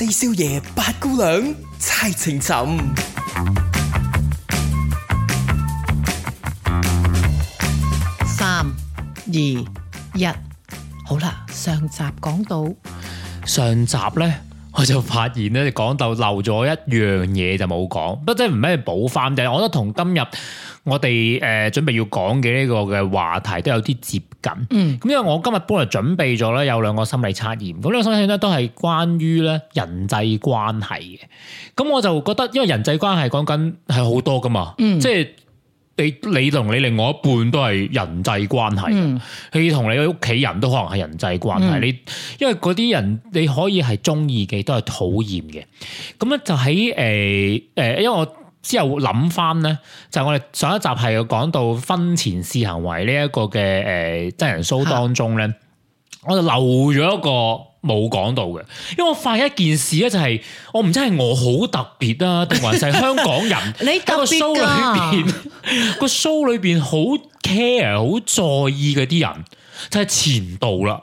四少爺、八姑娘，猜情尋。三、二、一，好啦。上集講到，上集呢我就發現咧，講到漏咗一樣嘢就冇講，不即係唔咩補翻。就係我覺得同今日。我哋誒準備要講嘅呢個嘅話題都有啲接近，咁、嗯、因為我今日本來準備咗咧有兩個心理測驗，咁兩個心理測驗咧都係關於咧人際關係嘅。咁我就覺得，因為人際關係講緊係好多噶嘛，即、嗯、係你你同你另外一半都係人際關係，嗯、你同你嘅屋企人都可能係人際關係。嗯、你因為嗰啲人你可以係中意嘅，都係討厭嘅。咁咧就喺誒誒，因為我。之後諗翻咧，就係、我哋上一集係要講到婚前試行為呢一個嘅誒真人 show 當中咧、啊，我就漏咗一個冇講到嘅，因為我發現一件事咧、就係，就係我唔知係我好特別啦，定還是香港人？你個 show 裏邊 別 個 show 裏邊好 care 好在意嘅啲人，就係、係、前度啦。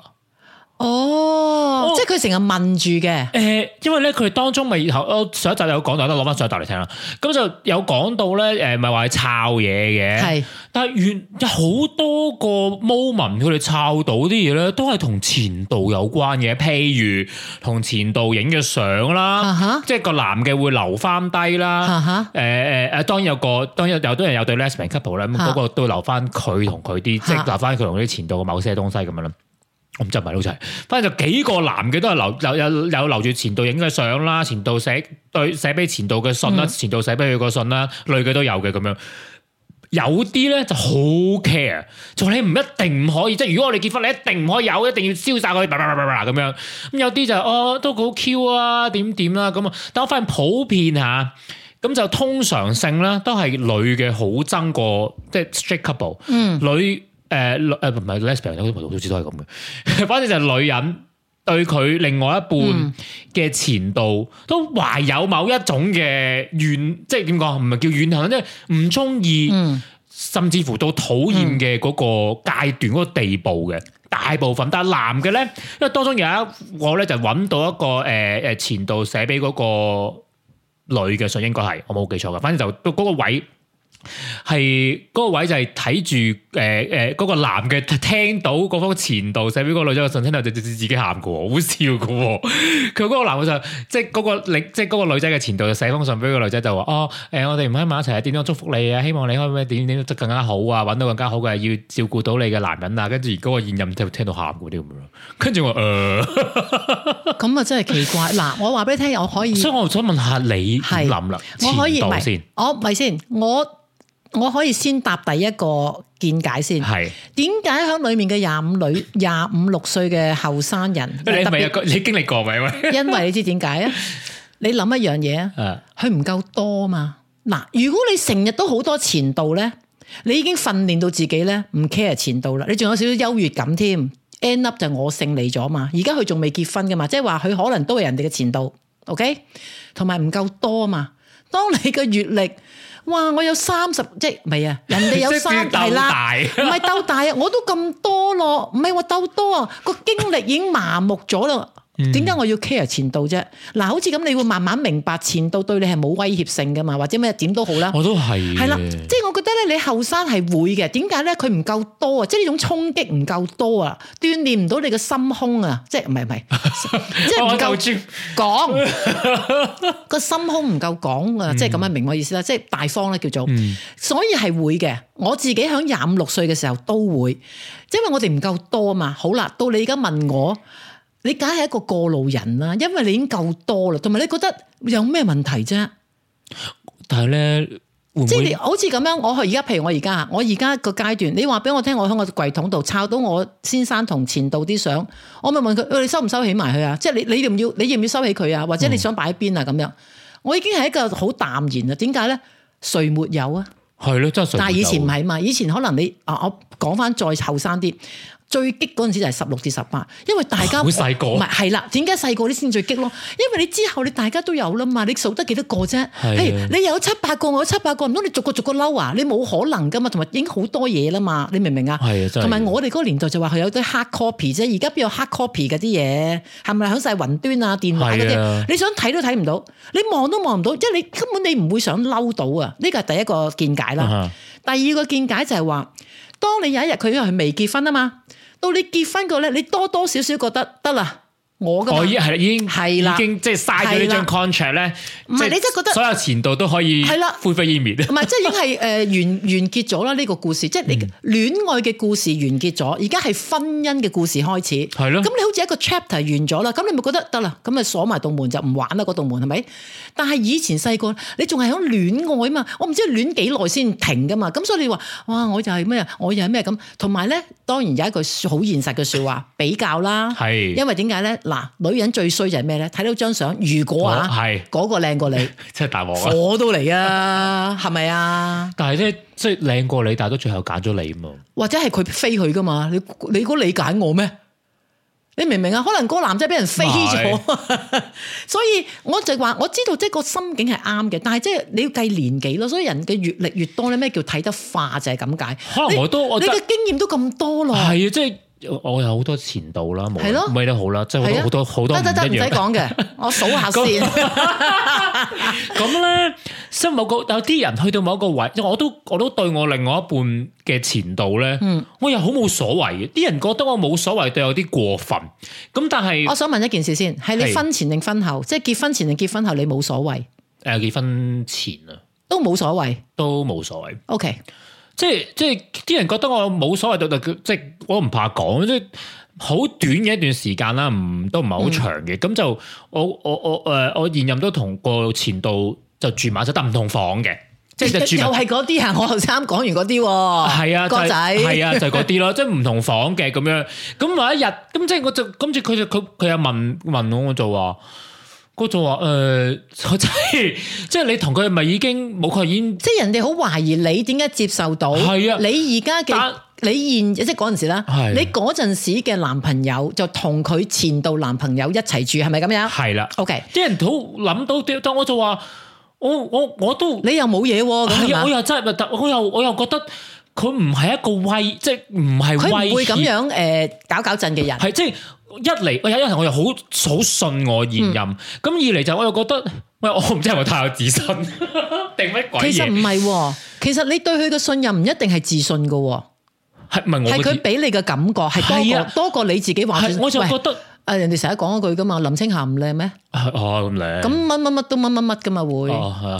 哦,哦，即係佢成日問住嘅。誒，因為咧佢當中咪，我上一集有講，我得攞翻上一集嚟聽啦。咁就有講到咧，誒、呃，咪話係抄嘢嘅。係，但係原好多個 moment，佢哋抄到啲嘢咧，都係同前度有關嘅。譬如同前度影嘅相啦，即係個男嘅會留翻低啦。誒誒誒，當然有個，當然有，多人有對 lesbian couple 咁、啊、嗰、那個都留翻佢同佢啲，即係留翻佢同啲前度嘅某些東西咁樣啦。我唔執埋老細，反正就幾個男嘅都係留留有有留住前度影嘅相啦，前度寫對寫俾前度嘅信啦，前度寫俾佢個信啦，女嘅都有嘅咁樣。有啲咧就好 care，就你唔一定唔可以，即係如果我哋結婚，你一定唔可以有，一定要燒晒佢，叭叭叭叭咁樣。咁有啲就哦都好 Q 啊，點點啦咁啊。但係我發現普遍吓，咁就通常性啦，都係女嘅好憎過，即係 straight couple，嗯，女。誒、呃，誒，唔係 Lesbian，好似都係咁嘅。反正就係女人對佢另外一半嘅前度，嗯、都懷有某一種嘅怨，即係點講？唔係叫怨恨，即係唔中意，嗯、甚至乎到討厭嘅嗰個階段，嗰、嗰個地步嘅。大部分，但係男嘅咧，因為當中有一個咧就揾到一個誒誒前度寫俾嗰個女嘅信，應該係我冇記錯嘅。反正就到嗰個位係嗰、嗰個位就係睇住。誒、欸、誒，嗰、那個男嘅聽到嗰封前度寫俾個女仔嘅信，聽到就自己喊過，好笑嘅、哦。佢嗰個男嘅就即係、那、嗰個，即係個女仔嘅前度就寫封信俾個女仔，就話哦，誒、欸，我哋唔喺埋一齊，點樣祝福你啊？希望你可以點點更加好啊，揾到更加好嘅要照顧到你嘅男人啊。跟住嗰個現任就聽到喊嗰啲咁樣，跟住我：呃「誒，咁啊真係奇怪。嗱， 我話俾你聽，我可以。所以我想問下你諗啦，前度先我可以、哦，我咪先我。我可以先答第一個見解先，係點解喺裏面嘅廿五女廿五六歲嘅後生人？ 你未你經歷過未？ 因為你知點解 啊？你諗一樣嘢啊，佢唔夠多嘛？嗱，如果你成日都好多前度咧，你已經訓練到自己咧唔 care 前度啦，你仲有少少優越感添。end up 就我勝利咗嘛？而家佢仲未結婚噶嘛？即係話佢可能都係人哋嘅前度。OK，同埋唔夠多嘛？當你嘅閱歷。哇！我有三十即唔係未啊？人哋有三大啦，唔係鬥大啊！大 我都咁多咯，唔係我鬥多啊，個經歷已經麻木咗啦。點解我要 care 前度啫？嗱、嗯，好似咁你會慢慢明白前度對你係冇威脅性噶嘛？或者咩點都好啦。我都係。係啦，即係我覺得咧，你後生係會嘅。點解咧？佢唔夠多啊，即係呢種衝擊唔夠多啊，鍛煉唔到你個心胸啊。即係唔係唔係，即係唔夠講個心胸唔夠講啊。即係咁啊，明我意思啦，即係大方咧叫做。嗯、所以係會嘅，我自己響廿五六歲嘅時候都會，因為我哋唔夠多啊嘛。好啦，到你而家問我。你梗係一個過路人啦，因為你已經夠多啦，同埋你覺得有咩問題啫？但係咧，即係你好似咁樣，我而家譬如我而家啊，我而家個階段，你話俾我聽，我喺我櫃桶度抄到我先生同前度啲相，我咪問佢、哎：你收唔收起埋佢啊？即係你你要唔要？你要唔要收起佢啊？或者你想擺喺邊啊？咁樣，我已經係一個好淡然啊。點解咧？誰沒有啊？係咯，真係。但係以前唔係嘛？以前可能你啊，我講翻再後生啲。最激嗰陣時就係十六至十八，因為大家好細個，唔係，係啦。點解細個你先最激咯？因為你之後你大家都有啦嘛，你數得幾多個啫？譬如、hey，你有七八個，我有七八個，唔通你逐個逐個嬲啊？你冇可能噶嘛，同埋影好多嘢啦嘛，你明唔明啊？啊，同埋我哋嗰年代就話佢有啲黑 copy 啫，而家邊有黑 copy 嗰啲嘢？係咪響晒雲端啊？電話嗰啲，你想睇都睇唔到，你望都望唔到，即係你根本你唔會想嬲到啊！呢個係第一個見解啦。嗯、第二個見解就係話。當你有一日佢因為佢未結婚啊嘛，到你結婚個咧，你多多少少覺得得啦。我我已經係啦，已經係啦，已經即係嘥咗呢張 contract 咧。唔係，你真係覺得所有前度都可以係啦，灰飛煙滅。唔係即係已經係誒完 完結咗啦，呢、這個故事即係你戀愛嘅故事完結咗，而家係婚姻嘅故事開始。係咯。咁你好似一個 chapter 完咗啦，咁你咪覺得得啦，咁咪鎖埋道門就唔玩啦，嗰道門係咪？但係以前細個你仲係響戀愛啊嘛，我唔知戀幾耐先停噶嘛，咁所以你話哇，我就係咩啊，我又係咩咁？同埋咧，當然有一句好現實嘅說話，比較啦。係。 因為點解咧？嗱，女人最衰就係咩咧？睇到張相，如果啊，係、哦、嗰、嗰個靚過你，即係大鑊啊！我都嚟啊，係咪啊？但係咧，即係靚過你，但係都最後揀咗你啊嘛！或者係佢飛佢噶嘛？你你估理解我咩？你明唔明啊？可能嗰個男仔俾人飛咗， 所以我就話我知道即係個心境係啱嘅，但係即係你要計年紀咯。所以人嘅閲歷越多咧，咩叫睇得化就係咁解。可能我都你嘅經驗都咁多咯，係啊，即係。我有，很了好了很有好多前度啦，係咯，咩都好啦，即係好多好多得得得，唔使講嘅，我數下先。咁咧，即係某個有啲人去到某一個位，我都我都對我另外一半嘅前度咧，嗯、我又好冇所謂。啲人覺得我冇所謂，對我有啲過分。咁但係，我想問一件事先，係你婚前定婚後？是即係結婚前定結婚後你，你冇所謂？誒，結婚前啊，都冇所謂，都冇所謂。O K。即係即係，啲人覺得我冇所謂，就就即係，我唔怕講，即係好短嘅一段時間啦，唔都唔係好長嘅。咁、嗯、就我我我誒，我現任都同個前度就住埋，就得唔同房嘅，即係就住。就就是、住又係嗰啲啊，我頭先啱講完嗰啲喎，係、就、啊、是，哥仔，係啊，就嗰啲咯，即係唔同房嘅咁樣。咁有一日，咁即係我就今次佢就佢佢又問問我我做啊。我就話誒、呃，即係即係你同佢咪已經冇確認？即係人哋好懷疑你點解接受到？係啊，你而家嘅你現即係嗰陣時啦、啊，你嗰陣時嘅男朋友就同佢前度男朋友一齊住，係咪咁樣？係啦、啊、，OK，啲人好諗到啲，但我就話我我我都你又冇嘢㗎，我又真係特，我又我又覺得佢唔係一個威，即係唔係會會咁樣誒、呃、搞搞震嘅人，係、啊、即係。一嚟，我有一層我又好好信我現任，咁二嚟就我又覺得，喂，我唔知係咪太有自信定咩鬼嘢？其實唔係，其實你對佢嘅信任唔一定係自信嘅，係唔係我？係佢俾你嘅感覺係多過多過你自己話，我就覺得誒，人哋成日講嗰句噶嘛，林青霞唔靚咩？哦咁靚，咁乜乜乜都乜乜乜噶嘛會，係、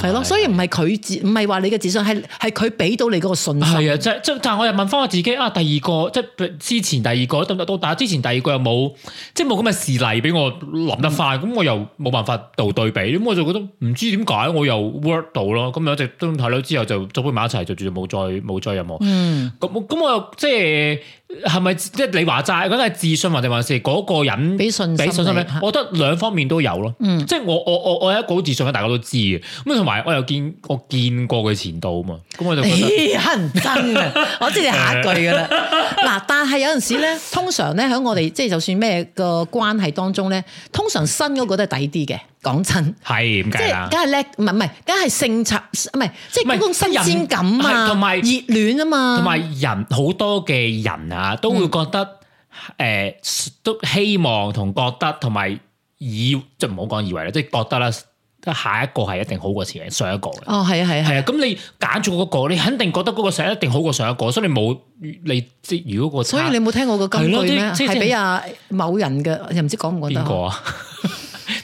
哦、咯，所以唔係佢自，唔係話你嘅自信，係係佢俾到你嗰個信心。係啊，即係即係，但係我又問翻我自己啊，第二個即係之前第二個得唔得到？但係之前第二個又冇，即係冇咁嘅事例俾我諗得快，咁、嗯、我又冇辦法度對比，咁我就覺得唔知點解我又 work 到咯，咁有一直都睇到啦之後就做唔埋一齊，就住冇再冇再任何。嗯，咁咁我又即係係咪即係你話齋嗰個自信或是還是嗰個人俾信心俾信心咧？我覺得兩方面都有。嗯即，即係我我我我有一個好自信嘅，大家都知嘅。咁同埋我又見我見過佢前度嘛，咁我就咦，乞人憎啊！ 我知你下一句噶啦。嗱， 但係有陣時咧，通常咧喺我哋即係就算咩個關係當中咧，通常新嗰個都係抵啲嘅。講真係點解？梗係叻，唔係唔係，梗係性插唔係，即係嗰種新鮮感啊，同埋熱戀啊嘛。同埋人好多嘅人啊，都會覺得誒、嗯欸，都希望同覺得同埋。以即係唔好講以為啦，即係覺得啦，下一個係一定好過前上一個嘅。哦，係啊，係啊，係啊。咁你揀住嗰個，你肯定覺得嗰個上一定好過上一個，所以你冇你即係如果個。所以你冇聽我個金句咩？係俾阿某人嘅，又唔知講唔講得。邊個啊？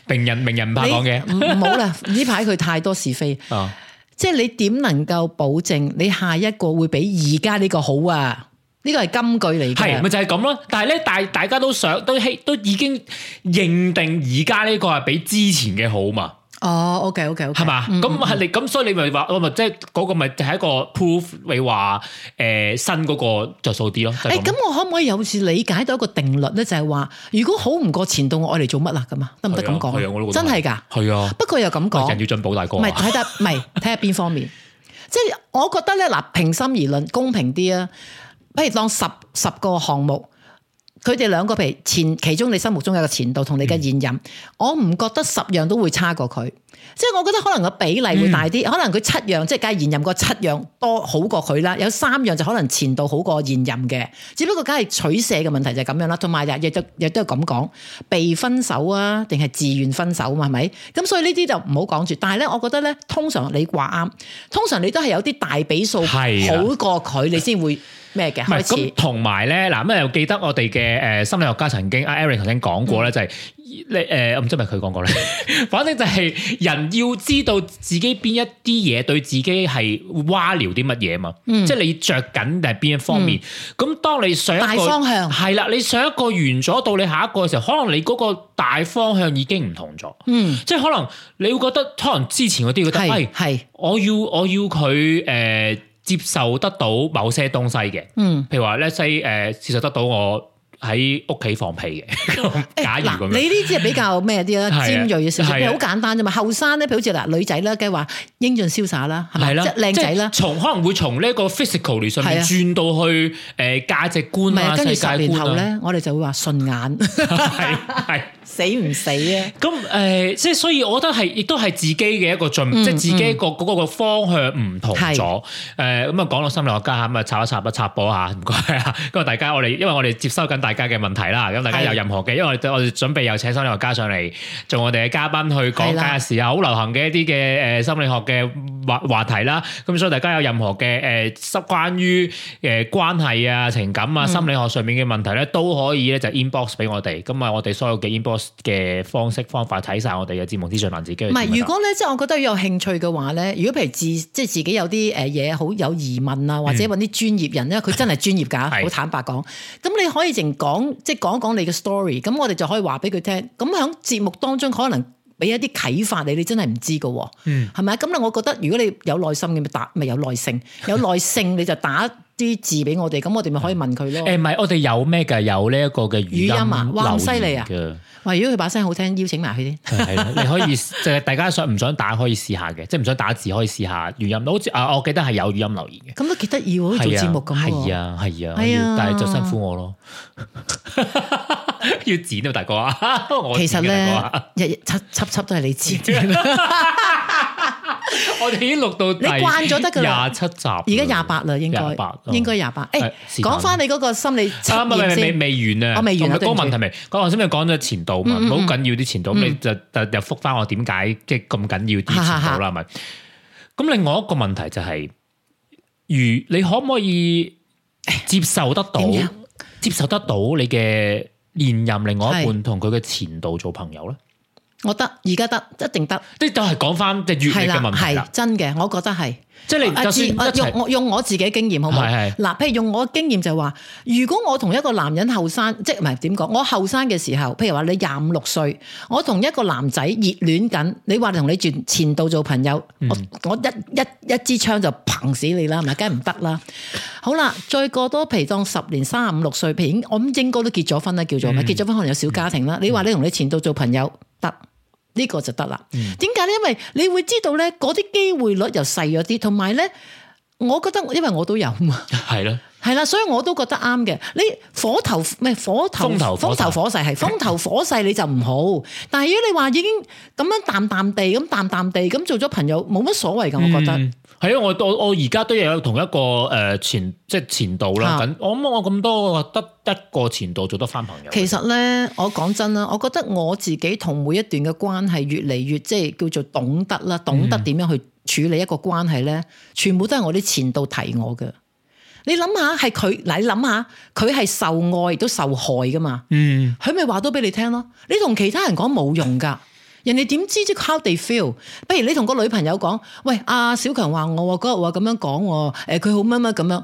名人名人唔怕講嘅。唔好啦，呢排佢太多是非。哦。即係你點能夠保證你下一個會比而家呢個好啊？呢個係金句嚟嘅，係咪就係咁咯？但係咧，大大家都想都希都已經認定而家呢個係比之前嘅好嘛？哦，OK，OK，OK，係嘛？咁係你咁，所以你咪話我咪即係嗰個咪就係一個 proof，你話誒、呃、新嗰個着數啲咯？誒、就是，咁、欸、我可唔可以有時理解到一個定律咧？就係、是、話如果好唔過前度，我愛嚟做乜啊？咁嘛？得唔得咁講？係啊，我都覺得真係噶。係啊，不過又咁講，人要進步，大哥、啊，唔係睇下，唔係睇下邊方面？ 即係我覺得咧，嗱，平心而論，公平啲啊！譬如當十十個項目，佢哋兩個，譬如前其中你心目中嘅一個前度同你嘅現任，嗯、我唔覺得十樣都會差過佢，即係我覺得可能個比例會大啲，嗯，可能佢七樣，即係梗係現任個七樣多好過佢啦，有三樣就可能前度好過現任嘅，只不過梗係取捨嘅問題就係咁樣啦。同埋日亦都亦都係咁講，被分手啊，定係自願分手啊嘛，係咪？咁所以呢啲就唔好講住。但係咧，我覺得咧，通常你話啱，通常你都係有啲大比數好過佢，你先會。咩嘅？係咁，同埋咧嗱，咁又記得我哋嘅心理學家曾經阿 Eric 頭先講過咧，嗯、就係、是、你誒，唔、呃、知係咪佢講過咧， 反正就係人要知道自己邊一啲嘢對自己係蛙聊啲乜嘢啊嘛，嗯、即係你着緊定係邊一方面。咁、嗯、當你想大方向係啦，你想一個完咗到你下一個嘅時候，可能你嗰個大方向已經唔同咗。嗯，即係可能你會覺得可能之前嗰啲係係，我要我要佢誒。呃接受得到某些東西嘅，嗯，譬如話 let's say 接受得到我喺屋企放屁嘅、欸，假如咁樣，你呢啲係比較咩啲啦？尖鋭嘅事，譬如好簡單啫嘛。後生咧，譬如好似嗱女仔啦，梗係話英俊瀟灑啦，係啦，即係靚仔啦，從，從可能會從呢個 physical 上面轉到去誒、呃、價值觀啊，跟住十年後咧，我哋就會話順眼，係。 死唔死啊？咁誒，即係所以，我覺得係，亦都係自己嘅一個進，即係自己一個嗰個個方向唔同咗。誒，咁啊，講到心理學家嚇，咁啊，插一插，一插播嚇，唔該啊。咁啊，大家我哋，因為我哋接收緊大家嘅問題啦，咁大家有任何嘅，因為我哋準備又請心理學家上嚟做我哋嘅嘉賓去講嘅時候，好流行嘅一啲嘅誒心理學嘅話話題啦。咁所以大家有任何嘅誒，關於誒關係啊、情感啊、心理學上面嘅問題咧，都可以咧就 inbox 俾我哋。咁啊，我哋所有嘅 inbox。嘅方式方法睇晒我哋嘅節目資訊文字機。唔係，如果咧即係我覺得有興趣嘅話咧，如果譬如自即係自己有啲誒嘢好有疑問啊，或者揾啲專業人咧，佢、嗯、真係專業㗎，好坦白講。咁你可以淨講即係講講你嘅 story，咁我哋就可以話俾佢聽。咁喺節目當中可能俾一啲啟發你，你真係唔知㗎喎，係咪？咁咧，我覺得如果你有耐心嘅咪打，咪有耐性，有耐性你就打。 字俾我哋，咁我哋咪可以問佢咯。誒、欸，唔係，我哋有咩嘅？有呢一個嘅語,語音啊，哇犀利啊！哇，如果佢把聲好聽，邀請埋佢咧。係 啦，你可以，即、就、係、是、大家想唔想打可以試下嘅，即係唔想打字可以試下語音。都好似啊，我記得係有語音留言嘅。咁都幾得意喎，做節目咁啊，係啊，係啊，啊但係就辛苦我咯。 要剪啊，大哥啊！ 其實咧，日日七七,七都係你剪。 我哋已經錄到，你慣咗得噶廿七集，而家廿八啦，應該廿八，應該廿八。誒，講翻你嗰個心理測驗先。三未未完啊，我未完、啊。唔嗰、嗰個問題未，我頭先咪講咗前度嘛，好、嗯、緊、嗯、要啲前度，咁、嗯、你就又入複翻我點解即係咁緊要啲前度啦？咪、嗯。咁另外一個問題就係、是，如你可唔可以接受得到，接受得到你嘅現任另外一半同佢嘅前度做朋友咧？我得而家得一定得，呢啲都係講翻即係閱歷嘅問題啦。係真嘅，我覺得係。即係你就算用我用我自己的經驗好唔好？嗱，譬如用我的經驗就話、是，如果我同一個男人後生，即係唔係點講？我後生嘅時候，譬如話你廿五六歲，我同一個男仔熱戀緊，你話你同你前前度做朋友，嗯、我我一一一支槍就嘭死你啦，係咪梗係唔得啦。 好啦，再過多譬如當十年，三十五六歲，我咁應該都結咗婚啦，叫做咪？嗯、結咗婚可能有小家庭啦。你話你同你前度做朋友得？可呢個就得啦，點解咧？因為你會知道咧，嗰啲機會率又細咗啲，同埋咧，我覺得因為我都有嘛，係咯。係啦，所以我都覺得啱嘅。你火頭咩？火頭風頭火勢，係風頭火勢，火勢 火勢你就唔好。但係如果你話已經咁樣淡淡地咁淡淡地，咁做咗朋友，冇乜所謂㗎，我覺得。係、嗯、啊，我我而家都有同一個誒前即前度啦。咁、啊、我咁我咁多得一個前度做得返朋友。其實咧，我講真啦，我覺得我自己同每一段嘅關係越嚟越即係叫做懂得啦，懂得點樣去處理一個關係咧、嗯，全部都係我啲前度提我嘅。你諗下，係佢，你諗下，佢係受愛亦都受害噶嘛？嗯，佢咪話咗俾你聽咯。你同其他人講冇用噶，人哋點知即 how they feel？不如你同個女朋友講，喂，阿、啊、小強話我嗰日話咁樣講，誒、呃，佢好乜乜咁樣。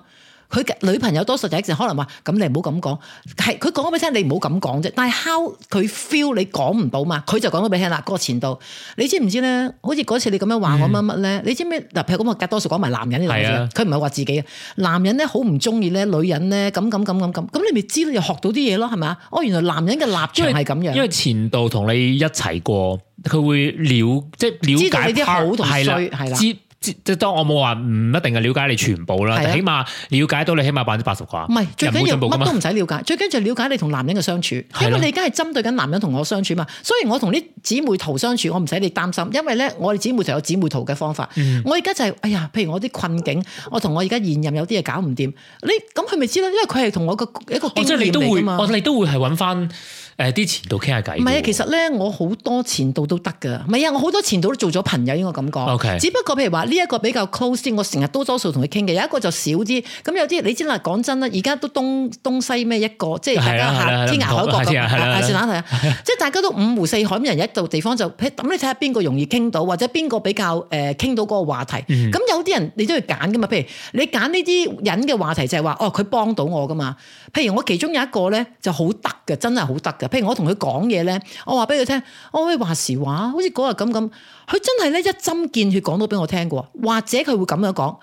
佢女朋友多數就一直可能話，咁你唔好咁講，係佢講咗俾你聽，你唔好咁講啫。但係 how 佢 feel，你講唔到嘛？佢就講咗俾你聽啦。嗰個前度，你知唔知咧？好似嗰次你咁樣話我乜乜咧？嗯、你知唔知？嗱，譬如咁啊，我多數講埋男人嘅啲嘢，佢唔係話自己啊。男人咧好唔中意咧，女人咧咁咁咁咁咁，咁你咪知，又學到啲嘢咯，係嘛？哦，原來男人嘅立場係咁樣因，因為前度同你一齊過，佢會了即係、就是、了解。知道你啲好同衰，係啦。即係當我冇話，唔一定係了解你全部啦，嗯啊、但起碼了解到你起碼百分之八十啩。唔係最緊要乜都唔使了解，最緊要了解你同男人嘅相處、啊。因為你而家係針對緊男人同我相處嘛，所以我同啲姊妹淘相處，我唔使你擔心。因為咧，我哋姊妹就有姊妹淘嘅方法。嗯、我而家就係、是，哎呀，譬如我啲困境，我同我而家現任有啲嘢搞唔掂，你咁佢咪知咯？因為佢係同我個一個經驗嚟噶嘛。哦，你都會係搵翻。誒啲前度傾下偈，唔係啊！其實咧，我好多前度都得㗎。唔係啊！我好多前度都做咗朋友，應該咁講。OK，只不過譬如話呢一個比較 close 啲，我成日多數同佢傾嘅。有一個就少啲，咁有啲你知啦。講真啦，而家都東，東西咩一個，即係大家下天涯海角、 啊 啊，算看看即大家都五湖四海人一到地方就，咁你睇下邊個容易傾到？或者邊個比較誒傾到嗰個話題。咁、 嗯、有啲人你都要揀㗎嘛。譬如你揀呢啲人嘅話題就係、是、話，哦佢幫到我㗎嘛。譬如我其中有一個咧就好得嘅，真係好得㗎。譬如我同佢講嘢咧，我話俾佢聽，我可以話時話，好似嗰日咁咁，佢真係咧一針見血講到俾我聽過，或者佢會咁樣講，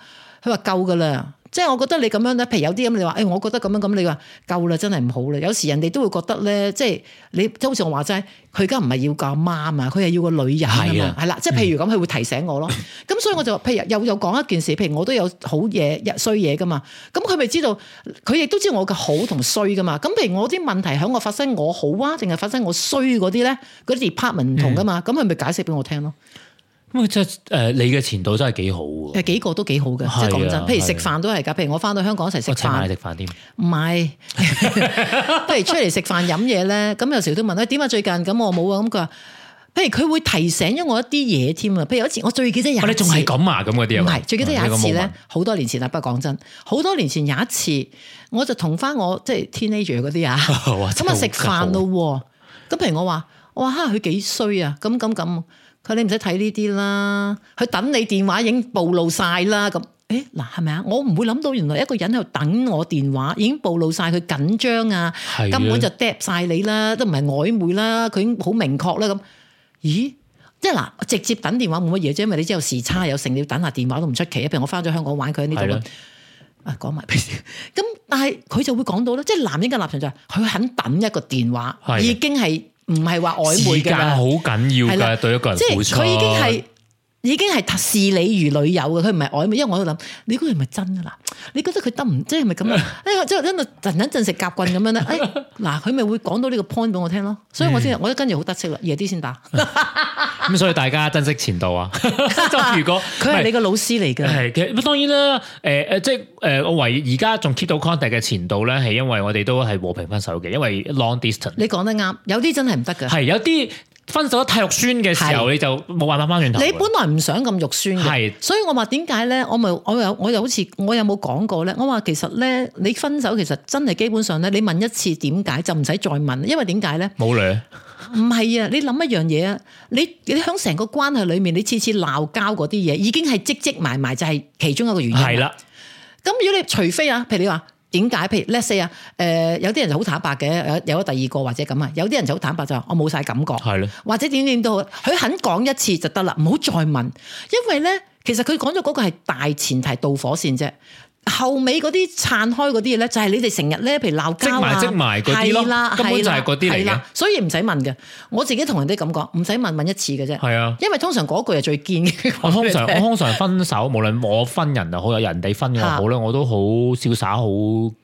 佢話夠噶啦。即係我覺得你咁樣咧，譬如有啲咁，你話，誒，我覺得咁樣咁，你話夠啦，真係唔好啦。有時人哋都會覺得咧，即係你，即好似我話齋，佢而家唔係要個媽啊，佢係要個女人啊，係啦，即係譬如咁，佢、嗯、會提醒我咯。咁所以我就譬如又又講一件事，譬如我都有好嘢、衰嘢噶嘛。咁佢咪知道？佢亦都知道我嘅好同衰噶嘛。咁譬如我啲問題喺我發生，我好啊，定係發生我衰嗰啲咧，嗰啲 department 唔同噶嘛。咁佢咪解釋俾我聽咯。即係誒，你嘅前度真係幾好嘅。其實幾個都幾好嘅，即係講真。譬如食飯都係噶，譬如我翻到香港一齊食飯，食飯添。唔係，不是 如出嚟食飯飲嘢咧，咁有時候都問，點啊最近？咁我冇啊。咁佢話，譬如佢會提醒咗我一啲嘢添啊。譬如有一次我最記得，我哋仲係咁啊，咁嗰啲啊，唔係最記得有一次咧，好、嗯、多年前啦，不過講真，好多年前有一次，我就同翻我即係 teenager 嗰啲啊，今日食飯咯。咁譬如我話，我話哈佢幾衰啊，咁咁咁。佢你唔使睇呢啲啦，佢等你電話已經暴露晒啦咁。誒、欸、嗱，係咪啊？我唔會諗到原來一個人喺度等我電話已經暴露晒。佢緊張啊，根本就嗲晒你啦，都唔係曖昧啦，佢已經好明確啦咁。咦？即係嗱，直接等電話冇乜嘢啫，因為你知有時差有成，你要等下電話都唔出奇。譬如我翻咗香港玩，佢喺呢度啦。啊，講埋。咁但係佢就會講到咧，即係男人嘅立場就係佢肯等一個電話，是已經係。唔係話曖昧㗎啦，時間好緊要㗎，對一個人好。即係佢已經係。已經係視你如女友嘅，佢唔係曖昧，因為我喺度諗，你估佢係咪真啊？嗱，你覺得佢得唔即係咪咁啊？誒、就是，即係喺度陣陣陣食夾棍咁樣咧。誒，嗱，佢咪會講到呢個 point 俾我聽咯。所以我先， 我一跟住好得戚啦，夜啲先打。咁、嗯、所以大家珍惜前度啊。 就如果佢係你嘅老師嚟嘅，係其當然啦。誒、呃、誒，即係誒，我唯一而家仲 keep 到 contact 嘅前度咧，係因為我哋都係和平分手嘅，因為 long distance。你講得啱，有啲真係唔得嘅，係有啲。分手得太肉酸嘅時候，你就冇辦法翻轉頭。你本來唔想咁肉酸嘅，所以我話，點解咧？我咪我我又好似我有冇講過咧？我話其實咧，你分手其實真係基本上咧，你問一次點解就唔使再問，因為點解咧？冇理。唔係啊，你諗一樣嘢啊，你你響成個關係裏面，你次次鬧交嗰啲嘢，已經係積積埋埋，就係其中一個原因。係啦。咁如果你除非啊，譬如你話。點解？譬如 let’s say 啊，誒有啲人就好坦白嘅，有有咗第二個或者咁啊，有啲人就好坦白就話我冇晒感覺，係咯，或者點點都好，佢肯講一次就得啦，唔好再問，因為咧其實佢講咗嗰個係大前提導火線啫。後尾嗰啲撐開嗰啲嘢咧，就係、是、你哋成日咧，譬如鬧交，積埋積埋嗰啲咯，根本就係嗰啲嚟嘅。所以唔使問嘅，我自己同人哋咁講，唔使問問一次嘅啫。係啊，因為通常嗰句係最堅嘅。我通常 我通常分手， 無論我分人又好，有人哋分又好咧，我都好瀟灑，好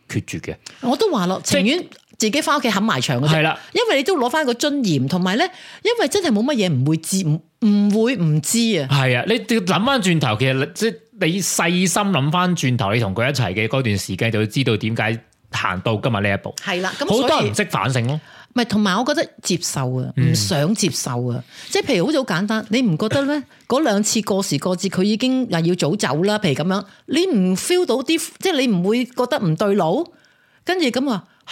決絕嘅。我都話咯，情願。自己翻屋企冚埋牆係啦，因為你都攞翻個尊嚴，同埋咧，因為真係冇乜嘢唔會知，唔會會唔知啊！係啊，你要諗翻轉頭，其實即係你細心諗翻轉頭，你同佢一齊嘅嗰段時間，就會知道點解行到今日呢一步。係啦，咁好多人唔識反省咯、啊。唔係同埋我覺得接受啊，唔想接受啊，即、嗯、係譬如好似好簡單，你唔覺得咧？嗰兩次過時過節，佢已經又要早走啦。譬如咁樣，你唔 feel 到啲，即係你唔會覺得唔對路，跟住咁啊。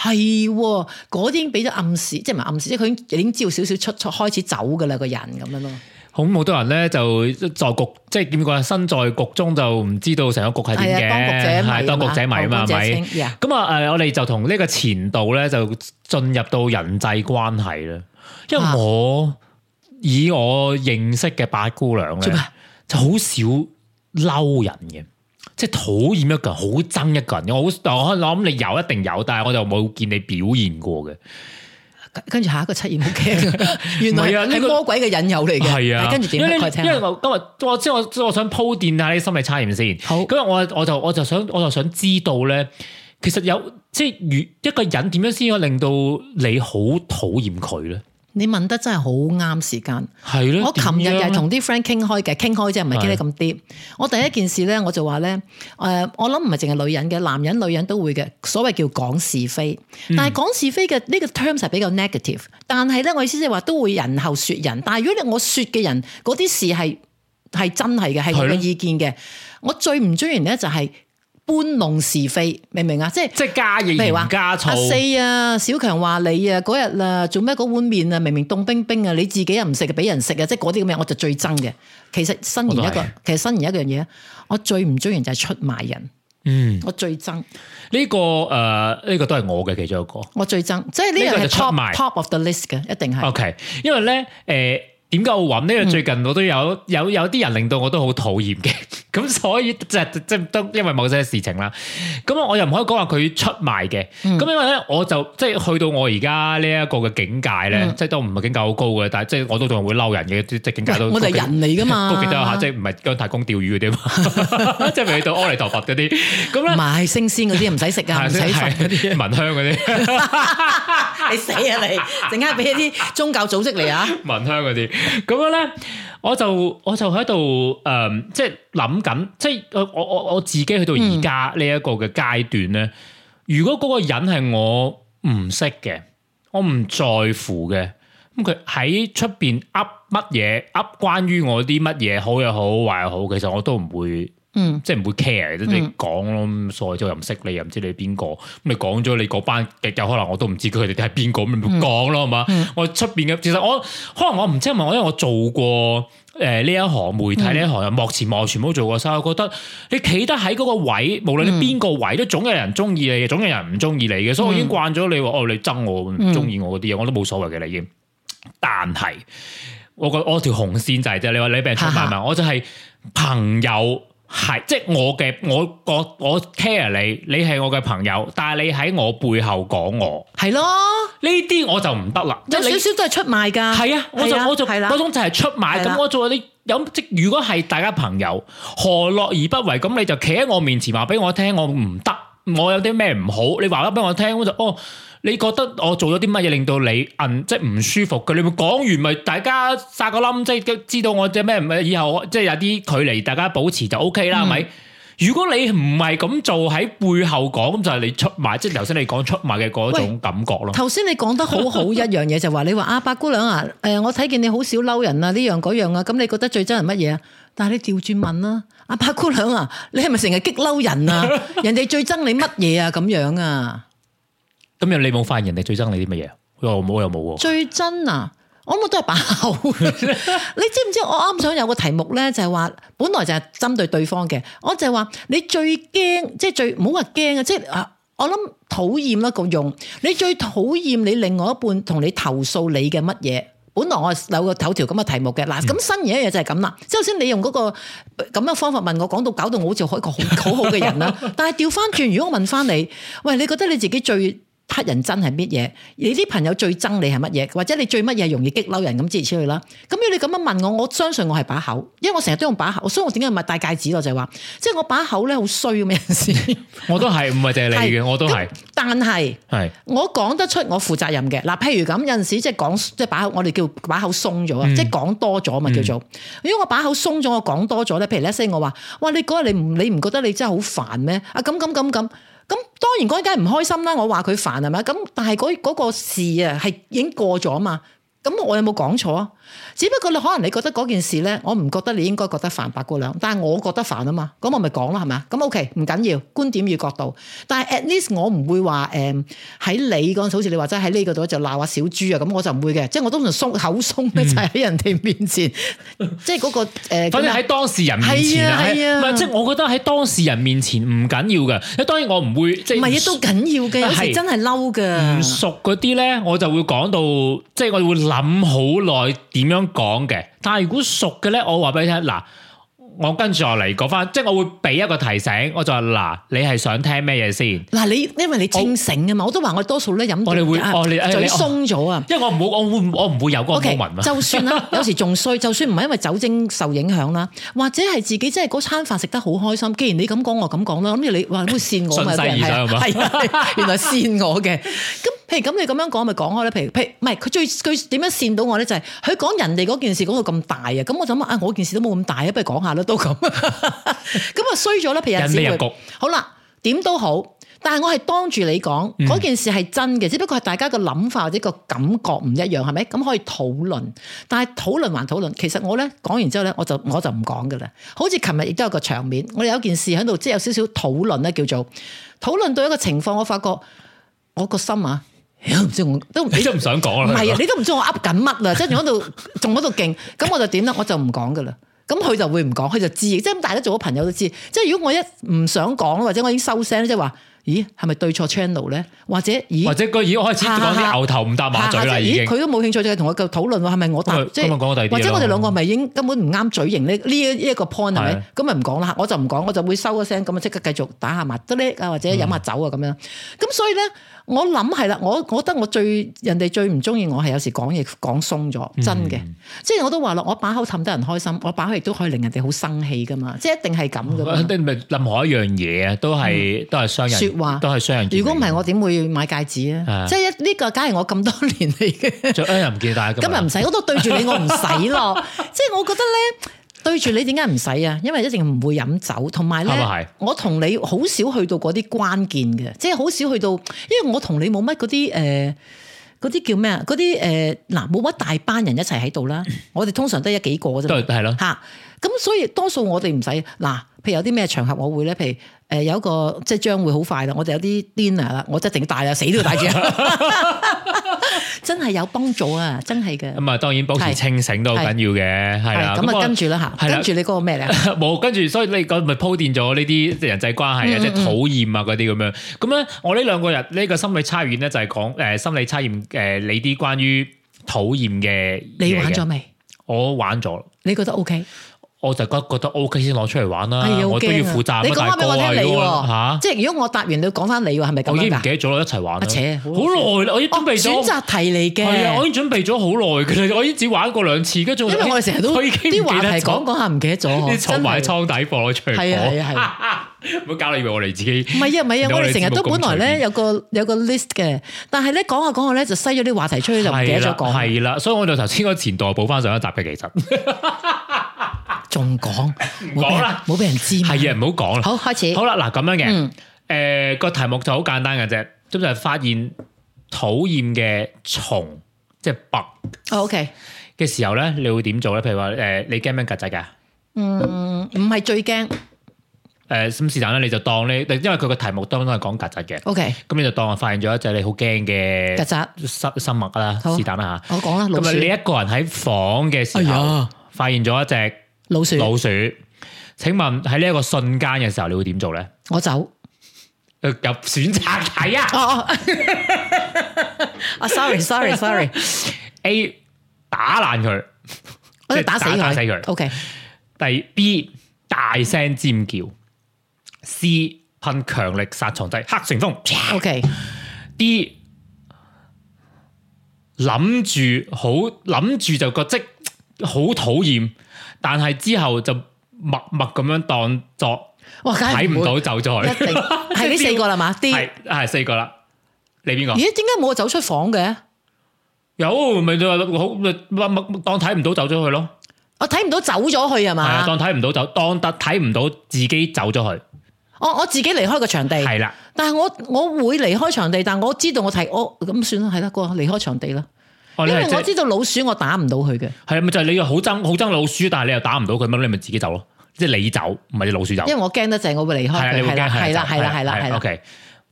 係、啊，嗰啲已經俾咗暗示，即係唔係暗示，即係佢已經已經知道少少出，出開始走噶啦，個人咁樣咯。咁好多人咧就，在局，即係點講啊？身在局中就唔知道成個局係點嘅，係、啊、當局者迷啊，係咪？咁啊，誒、呃，我哋就同呢個前度咧就進入到人際關係啦。因為我、啊、以我認識嘅八姑娘咧，就好少嬲人嘅。即係討厭一個人，好憎一個人，我好，我諗你有一定有，但係我就冇見你表現過嘅。跟住下一個測驗好 k 原來係、啊、魔鬼嘅引誘嚟嘅，係啊。跟住點啊？因為今日我即係我即我想鋪墊下你心理測驗先。好，咁我我就我就，我就想我就想知道咧，其實有即係如一個人點樣先可令到你好討厭佢咧？你問得真係好啱時間，我琴日又係同啲 friend 傾開嘅，傾開啫，唔係傾得咁啲。我第一件事咧，我就話咧，誒，我諗唔係淨係女人嘅，男人女人都會嘅。所謂叫講是非，嗯、但係講是非嘅呢個 terms 係比較 negative。但係咧，我意思即係話都會人後說人，但如果你我說嘅人嗰啲事係真係嘅，係我嘅意見嘅，我最唔中意咧就係、是。搬弄是非，明唔明啊？即係即係加鹽加醋。譬如話，阿、啊、四啊，小強話你啊，嗰日啊，做咩嗰碗麵啊，明明凍冰，冰冰啊，你自己又唔食，俾人食啊！即係嗰啲咁樣，我就最憎嘅。其實新年一個，其實新年一樣嘢，我最唔中意就係出賣人。嗯，我最憎呢、這個誒、呢、呃這個都係我嘅其中一個。我最憎，即係呢樣就出賣。Top of the list 嘅，一定係。OK，因為咧誒。呃點解我搵？呢個最近我都有有有啲人令到我都好討厭嘅，咁所以即係即係都因為某些事情啦。咁我又唔可以講話佢出賣嘅。咁因為咧，我就即係去到我而家呢一個嘅境界咧，即係都唔係境界好高嘅，但係即係我都仲會嬲人嘅，即係境界都。我哋人嚟噶嘛，都記得吓，即係唔係姜太公釣魚嗰啲嘛，即係未到阿彌陀佛嗰啲。咁咧，賣新鮮嗰啲唔使食啊，唔使食嗰啲聞香嗰啲。你死啊你！陣間俾一啲宗教組織嚟啊！聞香嗰啲。咁樣咧，我就我就喺度誒，即係諗緊，即係我我我自己去到而家呢一個嘅階段咧，嗯、如果嗰個人係我唔識嘅，我唔在乎嘅，咁佢喺出邊噏乜嘢，噏關於我啲乜嘢好又好，壞又好，其實我都唔會。嗯、即係唔會 care，即係講咯，所以就又唔識你，又唔知你邊個。咁你講咗你嗰班，有可能我都唔知佢哋係邊個。咁你講咯，係嘛、嗯？我出邊嘅，其實我可能我唔即係問我，因為我做過誒呢一行媒體呢、嗯、一行，又幕前幕後全部做過晒。我覺得你企得喺嗰個位，無論你邊個位，都總有人中意你，總有人唔中意你嘅。所以我已經慣咗你話、嗯、哦，你憎我唔中意我啲嘢、嗯，我都冇所謂嘅，你已經。但係我個我條紅線就係即係你話你俾人出賣我就係朋友。係，即係我嘅、我個我 care 你，你係我嘅朋友，但係你喺我背後講我，係咯，呢啲我就唔得啦，有少少都係出賣噶，係啊，我就係我就嗰種就係出賣，咁我做啲有即係如果係大家朋友，何樂而不為？咁你就企喺我面前話俾我聽，我唔得，我有啲咩唔好，你話咗俾我聽，我就哦。你覺得我做咗啲乜嘢令到你，嗯，即係唔舒服嘅？你咪講完咪大家殺個冧，即係知道我即係咩？以後我即係有啲距離，大家保持就 O K 啦，係咪？如果你唔係咁做喺背後講，咁就係你出賣，即係頭先你講出賣嘅嗰種感覺咯。頭先你講得好好一樣嘢就話你話阿八姑娘啊，誒，我睇見你好少嬲人啊，呢樣嗰樣啊，咁你覺得最憎係乜嘢啊？但係你調轉問啦，阿八姑娘啊，你係咪成日激嬲人啊？人哋最憎你乜嘢啊？咁樣啊？咁又你冇發現人哋最憎你啲乜嘢？我冇又冇喎。最憎啊！我諗都係把口。你知唔知？我啱想有個題目咧，就係話本來就係針對對方嘅。我就係話你最驚，即係最唔好話驚啊！即係啊，我諗討厭啦，個用。你最討厭你另外一半同你投訴你嘅乜嘢？本來我有個頭條咁嘅題目嘅。嗱，咁新嘅一嘢就係咁啦。即係先你用嗰個咁嘅方法問我，講到搞到我好似可一個好好好嘅人啦。 但係調翻轉，如果我問翻你，喂，你覺得你自己最？乞人憎係乜嘢？你啲朋友最憎你係乜嘢？或者你最乜嘢係容易激嬲人咁？諸如此類啦。咁如果你咁樣問我，我相信我係把口，因為我成日都用把口，所以我點解唔係戴戒指咯？就係、是、話，即係我把口咧好衰咁樣。時我都係唔係，淨係你嘅，我都係。但係，係我講得出，我負責任嘅嗱。譬如咁有陣時，即係講，即係把口，我哋叫把口鬆咗啊，即係講多咗嘛，叫做。如果我把口鬆咗，我講多咗咧，譬如一聲我話，哇，你嗰日你唔你唔覺得你真係好煩咩？啊，咁咁咁咁。咁當然嗰陣間唔開心啦，我話佢煩係咪？咁但係嗰嗰個事係已經過咗嘛。咁我有冇講錯？只不過你可能你覺得嗰件事咧，我唔覺得你應該覺得煩白姑娘，但係我覺得煩啊嘛，咁我咪講啦係咪，咁 OK 唔緊要，觀點與角度，但係 at least 我唔會話誒喺你嗰陣好似你話齋喺呢個度就鬧下小豬啊，咁我就唔會嘅，即係我通常鬆口鬆咧就喺人哋面前，嗯、即係、那、嗰個誒、呃，反正喺當事人面前啊，係啊，唔係即係我覺得喺當事人面前唔緊要嘅，的當然我唔會即係唔係啊，都、就、緊、是、要嘅，有時真係嬲嘅，唔熟嗰啲咧，我就會講到即係、就是、我會諗好耐。點樣講嘅？但係如果熟嘅咧，我話俾你聽嗱。我跟住落嚟講翻，即係我會俾一個提醒，我就話嗱，你係想聽咩嘢先？嗱，你因為你清醒啊嘛，我都話我多數咧飲，我哋會哦，你係你嘴鬆咗啊，因為我唔會，我會，我唔會有嗰個文啦。就算啦，有時仲衰，就算唔係因為酒精受影響啦，或者係自己真係嗰餐飯食得好開心。既然你咁講，我咁講啦。咁你話會扇我嘛？順勢而上係嘛？係啊，原來扇我嘅。咁譬如咁，你咁樣講咪講開咧。譬如譬如唔係，佢最最點樣扇到我咧？就係佢講人哋嗰件事講到咁大啊！咁我就問啊，我件事都冇咁大啊，不如講下咯。都咁， 咁啊衰咗啦！譬如人哋局，好啦，點都好，但係我係當住你講嗰、嗯、件事係真嘅，只不過係大家個諗法或者個感覺唔一樣，係咪？咁可以討論，但係討論還討論，其實我咧講完之後咧，我就我就唔講噶啦。好似琴日亦都有個場面，我哋有件事喺度，即、就、係、是、有少少討論呢，叫做討論到一個情況，我發覺我個心啊，唔知我都你都唔想講啦，係啊，你都唔知我噏緊乜啦，即係喺度仲喺度勁，咁我就點咧，我就唔講噶啦。咁佢就會唔講，佢就知，即係咁大家做咗朋友都知。即係如果我一唔想講，或者我已經收聲即係話，咦，係咪對錯 channel 咧？或者，咦或者佢已經開始講啲牛頭唔搭馬嘴啦。咦，佢都冇興趣再同我繼續討論喎。係咪我搭、嗯？即係或者我哋兩個係咪已經根本唔啱嘴型呢呢一、嗯呢個 point 係咪？咁咪唔講啦。我就唔講，我就會收個聲。咁啊，即刻繼續打下麻得叻啊，或者飲下酒啊咁、嗯、樣。咁所以咧。我諗係啦，我我覺得我最人哋最唔中意我係有時講嘢講鬆咗，真嘅、嗯，即係我都話咯，我把口氹得人開心，我把口亦都可以令人哋好生氣噶嘛，即係一定係咁噶。肯定、嗯、係任何一樣嘢啊，都係都係雙人說話，都係雙人。如果唔係我點會買戒指呢啊？即係一呢個梗係我咁多年嚟嘅。着 n 人唔見戴咁，今日唔使，我都對住你，我唔使咯。 即係我覺得咧。對住你點解唔使啊？因為一定唔會飲酒，同埋咧，我同你好少去到嗰啲關鍵嘅，即係好少去到，因為我同你冇乜嗰啲誒，嗰啲、呃、叫咩啊？嗰啲誒嗱，冇、呃、乜大班人一齊喺度啦。 我哋通常都一幾個啫，係咯吓。咁、啊、所以多數我哋唔使嗱，譬如有啲咩場合我會咧，譬如。誒有一個即係將會好快啦，我哋有啲癲啦，我一定帶啦，死都帶住，真係有幫助啊！真係嘅。咁啊當然保持清醒都好緊要嘅，係啦。咁啊跟住啦嚇，跟住你嗰個咩咧？冇跟住，所以你講咪鋪墊咗呢啲人際關係啊，即係討厭啊嗰啲咁樣。咁咧，我呢兩個人呢個心理測驗咧，就係講誒心理測驗誒你啲關於討厭嘅。你玩咗未？我玩咗。你覺得 OK？我就覺得覺得 O K 先攞出嚟玩啦，我都要負責、啊。你講俾我聽你、啊，即係如果我答完你講、啊、翻、啊、你，你，係咪咁難？我已經唔記得咗，一齊玩。且、啊，好耐，我已經準備咗、哦。選擇題嚟嘅。係我已準備咗好耐嘅啦，我已只玩過兩次，跟住因為我哋成日都啲話題講講下唔記得咗，坐埋喺倉底放咗出嚟。係啊係啊係，唔好搞你以為我哋自己。唔係啊唔係啊，我哋成日都本來咧有個有個 list 嘅，但係咧講下講下咧就篩咗啲話題出去就唔記得咗講。係啦，所以我哋頭先個前度補翻上一集嘅其實。仲講，講啦，冇俾人知嘛。係啊，唔好講啦。好開始。好啦，嗱咁樣嘅，誒個題目就好簡單嘅啫，咁就係發現討厭嘅蟲，即係 bug。O K。嘅時候咧，你會點做咧？譬如話，誒，你驚咩曱甴嘅？嗯，唔係最驚。誒，咁是但啦，你就當你，因為佢個題目當當係講曱甴嘅。O K。咁你就當發現咗一隻你好驚嘅曱甴新生物啦。是但啦吓，我講啦。咁啊，你一個人喺房嘅時候，發現咗一隻。老鼠，老鼠，請問喺呢一個瞬間嘅時候你會點做咧？我走，有選擇題啊！啊、 oh, oh. oh，sorry，sorry，sorry，A 打爛佢，我就打死佢。O K，第 B 大聲尖叫，C 噴強力殺蟲劑，黑成風。O K，D 諗住好，諗住就覺即好討厭。但係之後就默默咁樣當作睇唔到走咗去，係呢四個啦嘛？啲係係四個啦，你邊個？咦？點解冇走出房嘅？有，咪就話好默默當睇唔到走咗去咯。我睇唔到走咗去係嘛？當睇唔到走，當得睇唔到自己走咗去。我我自己離開個場地係啦，但係我我會離開場地，但我知道我睇我咁算啦，係啦過離開場地啦。因為我知道老鼠我打唔到佢嘅。係啊，咪就係你又好憎好憎老鼠，但係你又打唔到佢，咁你咪自己走咯，即係你走，唔係你老鼠走。因為我驚得滯，我會離開，係啦，係啦，係啦，係啦。okay，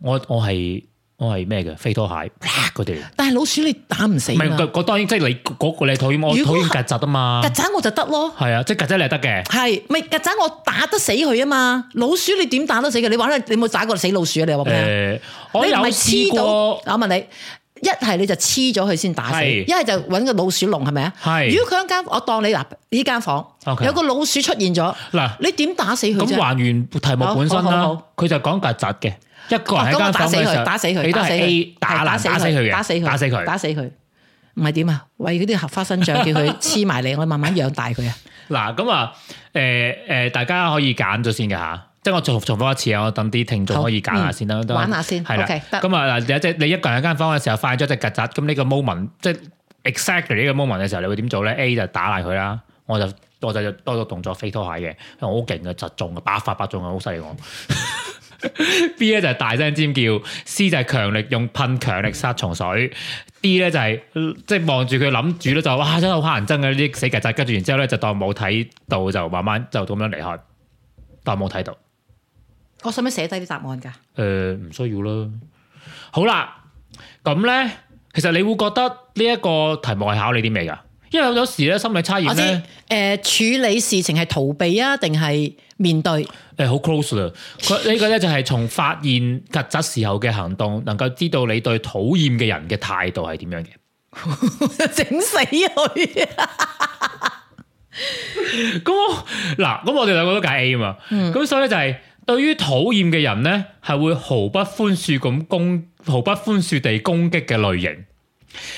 我我係我係咩嘅飛拖鞋嗰啲？但係老鼠你打唔死。唔係，我當然即係你嗰個你討厭我討厭曱甴啊嘛，曱甴我就得咯，係啊，即係曱甴你係得嘅，係，唔係曱甴我打得死佢啊嘛，老鼠你點打得死嘅？你玩你冇打過死老鼠啊？你話俾我？你唔係黐到？我問你。一係你就黐咗佢先打死，一係就揾個老鼠籠係咪啊？係。如果佢一間，我當你嗱呢間房 okay, 有個老鼠出現咗嗱，你點打死佢？咁還原題目本身佢、哦、就講曱甴嘅，一個人喺間房嘅時候、哦、打死佢，打死佢，你都係打打死佢嘅，打死佢，打死佢，打死佢，唔係點啊？喂，嗰啲合花生醬，叫佢黐埋你， 我慢慢養大佢啊！嗱，咁啊，誒、呃、誒、呃，大家可以揀咗先㗎吓。即係我重重複一次啊！我等啲聽眾可以揀、嗯、下先啦，都玩下先係啦。咁啊嗱，有即係你一個人一間房嘅時候，發現咗隻曱甴，咁呢個 moment，即係 exactly 呢個 moment 嘅時候，你會點做咧？A 就打爛佢啦，我就我就多咗動作飛拖鞋嘅，因為我好勁嘅，集中嘅，百發百中嘅，好犀利我。 B 咧就係大聲尖叫，C 就係強力用噴強力殺蟲水，D 咧就係即係望住佢諗住咧就，是、就哇真係好乞人憎嘅呢啲死曱甴，跟住然之後咧就當冇睇到就慢慢就咁樣離開，當冇睇到。我使唔使寫低啲答案噶？誒，唔需要啦。好啦，咁咧，其實你會覺得呢一個題目係考你啲咩噶？因為好多時咧，心理差異咧，誒，處理事情係逃避啊，定係面對？誒，好 close 啦。佢呢個咧就係從發現曱甴時候嘅行動，能夠知道你對討厭嘅人嘅態度係點樣嘅。整死佢！咁我嗱，咁我哋兩個都揀 A 啊嘛。咁所以咧就係。對於討厭嘅人呢，係會毫不寬恕咁攻毫不寬恕地攻擊嘅類型。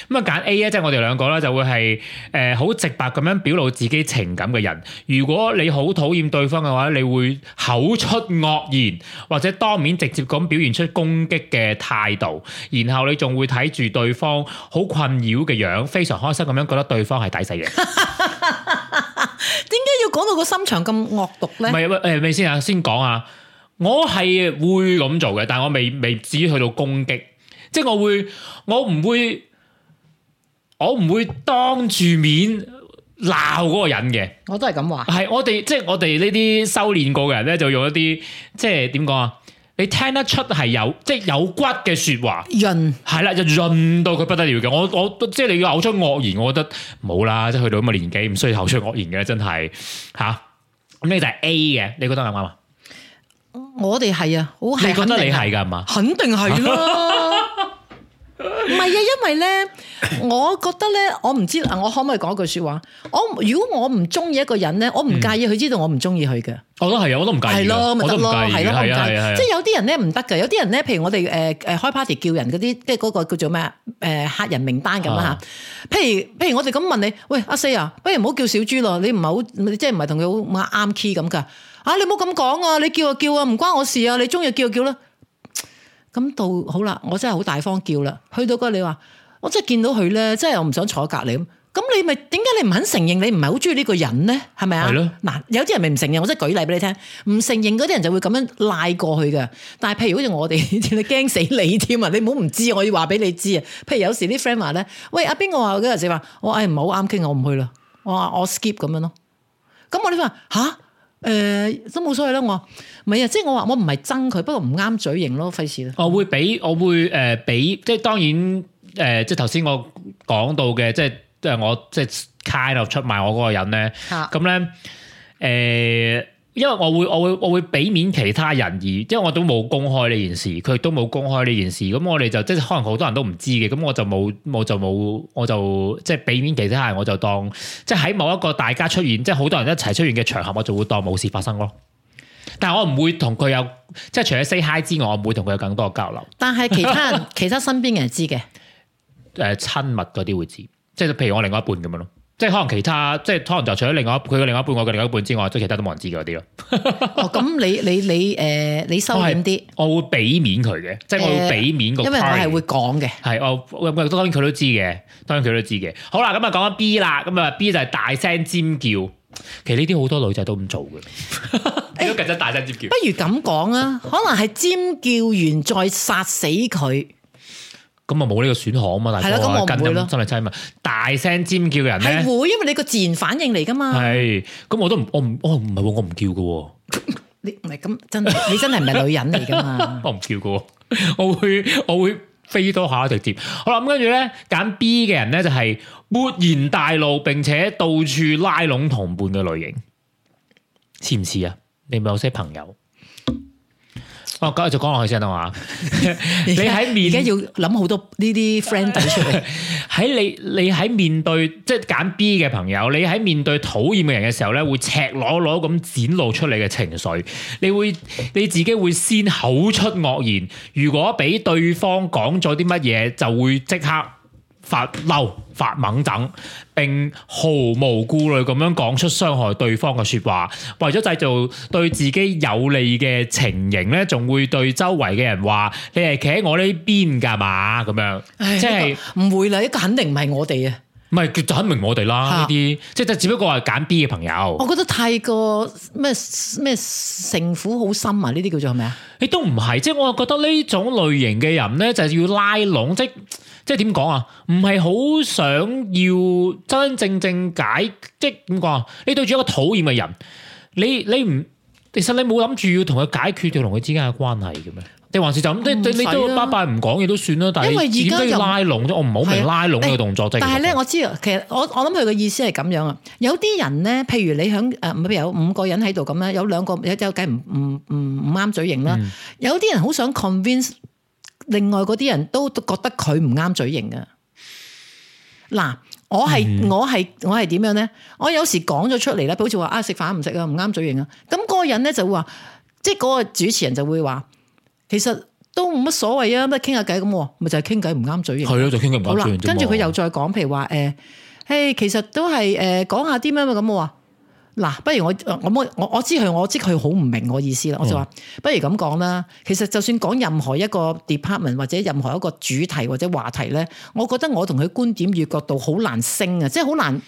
咁啊，揀 A 啊，即係我哋兩個咧，就會係誒好直白咁樣表露自己情感嘅人。如果你好討厭對方嘅話，你會口出惡言，或者當面直接咁表現出攻擊嘅態度，然後你仲會睇住對方好困擾嘅樣，非常開心咁樣覺得對方係抵死嘅。 講到個心腸咁惡毒咧，唔係，誒，咪先啊，先講啊，我係會咁做嘅，但係我未未至於去到攻擊，即係我會，我唔會，我唔會當住面鬧嗰個人嘅。我都係咁話，係我哋即係我哋呢啲修煉過嘅人咧，就用一啲即係點講啊？你聽得出係有即係有骨嘅說話，潤係啦，就潤到佢不得了嘅。我我即係你要嘔出惡言，我覺得冇啦，即係去到咁嘅年紀，唔需要口出惡言嘅，真係吓。咁、啊、你就係 A 嘅，你覺得啱唔啱啊？我哋係啊，我係肯定你覺得你係噶嘛？肯定係啦。是 唔係啊，因為咧，我覺得咧，我唔知啊，我可唔可以講一句說話？我如果我唔中意一個人咧，我唔介意佢知道我唔中意佢嘅。我都係啊，我都唔介，介，介，介意。係咯，咪得咯，係咯，唔介意。即係有啲人咧唔得嘅，有啲人咧，譬如我哋誒誒開 party 叫人嗰啲，即係嗰個叫做咩啊？誒、呃，客人名單咁啦吓。譬如譬如我哋咁問你，喂阿四啊，如不如唔好叫小豬咯，你唔係好，即係唔係同佢好啱 key 咁噶？啊，你唔好咁講啊，你叫啊叫啊，唔關我事啊，你中意叫就叫啦。咁到好啦，我真係好大方叫啦。去到嗰你話，我真係見到佢咧，真係我唔想坐隔籬咁。咁你咪點解你唔肯承認你唔係好中意呢個人咧？係咪啊？係咯。嗱，有啲人咪唔承認。我真係舉例俾你聽，唔承認嗰啲人就會咁樣賴過去噶。但係譬如好似我哋你驚死你添啊！你唔好唔知，我要話俾你知啊。譬如有時啲 friend 話咧，喂阿邊個話嗰陣時話，我唉唔係好啱傾，我唔去啦。我話我 skip 咁樣咯。咁我哋話吓？誒都冇所謂啦，我唔係啊，即係、就是、我話我唔係憎佢，不過唔啱嘴型咯，費事啦。我會俾我會誒俾、呃呃，即係當然誒，即係頭先我講到嘅，即係即係我即係 kind 又 of 出賣我嗰個人咧，咁咧誒。因為我會我會我會俾面其他人而，因為我都冇公開呢件事，佢都冇公開呢件事，咁我哋就即係可能好多人都唔知嘅，咁我就冇我就冇我就即係俾面其他人，我就當即係喺某一個大家出現，即係好多人一齊出現嘅場合，我就會當冇事發生咯。但係我唔會同佢有，即係除咗 say hi 之外，我唔會同佢有更多嘅交流。但係其他人， 其他身邊嘅人知嘅，誒，親密嗰啲會知，即係譬如我另外一半咁樣咯。即係可能其他，即係可能就除咗另外佢嘅另外一半，我嘅另外一半之外，即係其他都冇人知嗰啲咯。咁、 哦、你你你誒、呃，你收斂啲，我會俾面佢嘅、呃，即係我會俾面個。因為佢係會講嘅。係，我當然佢都知嘅，當然佢都知嘅。好啦，咁啊講下 B 啦，咁啊 B 就係大聲尖叫。其實呢啲好多女仔都唔做嘅，你、欸、都緊身大聲尖叫。不如咁講啊， 可能係尖叫完再殺死佢。咁啊，冇呢個選項啊嘛，大家我跟音真係真啊，大聲尖叫人咧係會，因為你個自然反應嚟噶嘛。係，咁我都我唔我唔係，我唔叫噶。 你唔係咁真， 你真係唔係女人嚟噶嘛？我唔叫噶，我會我會飛多一下直接好啦。咁跟住咧揀 B 嘅人咧就係、是、勃然大怒，並且到處拉攏同伴嘅類型，似唔似啊？你咪有些朋友。我繼續講落去先啦嘛，在 你喺面對，而家要諗好多呢啲 friend 仔出嚟。喺 你，你喺面對即係揀 B 嘅朋友，你喺面對討厭嘅人嘅時候咧，會赤裸裸咁展露出你嘅情緒。你會你自己會先口出惡言，如果俾對方講咗啲乜嘢，就會即刻。發嬲、發猛等，並毫無顧慮咁樣講出傷害對方嘅說話，為咗製造對自己有利嘅情形咧，仲會對周圍嘅人話：你係企喺我呢邊噶嘛？咁樣，即係唔會啦，呢個肯定唔係我哋啊。唔係佢就肯明白我哋啦，呢啲即係就只不過係揀 B 嘅朋友。我覺得太過咩咩城府好深啊！呢啲叫做係咪啊？你都唔係，即係我覺得呢種類型嘅人咧，就係要拉攏，即係即係點講啊？唔係好想要真真正正解，即係點講啊？你對住一個討厭嘅人，你你唔其實你冇諗住要同佢解決掉同佢之間嘅關係嘅咩？你還是就咁，你你你都拜拜唔講嘢都算啦。但係因為而家拉攏啫，我唔好明、啊、拉攏嘅動作是。 Britney、但係咧，我知啊，其實我我諗佢嘅意思係咁樣啊。有啲人咧，譬如你響誒，譬、啊、如有五個人喺度咁咧，有兩個有隻雞唔唔唔唔啱嘴型啦。有啲、mm, mm, mm、人好想 convince 另外嗰啲人都覺得佢唔啱嘴型嘅。嗱、嗯嗯，我係我係我係點樣咧？我有時講咗出嚟咧，好似話啊食飯唔食啊，唔啱嘴型啊。咁嗰個人咧就會話，即係嗰個主持人就會話。其實都冇乜所謂啊，咁傾下偈咁，咪就係傾偈唔啱嘴型。係咯，就傾偈唔啱嘴型。好啦，跟住佢又再講，譬如話誒、欸，其實都係誒，講、欸、下啲咩咁啊？嗱，不如我我我我知佢，我知佢好唔明我意思啦。我就話，嗯、不如咁講啦。其實就算講任何一個 department 或者任何一個主題或者話題咧，我覺得我同佢觀點與角度好難升啊，即係好難。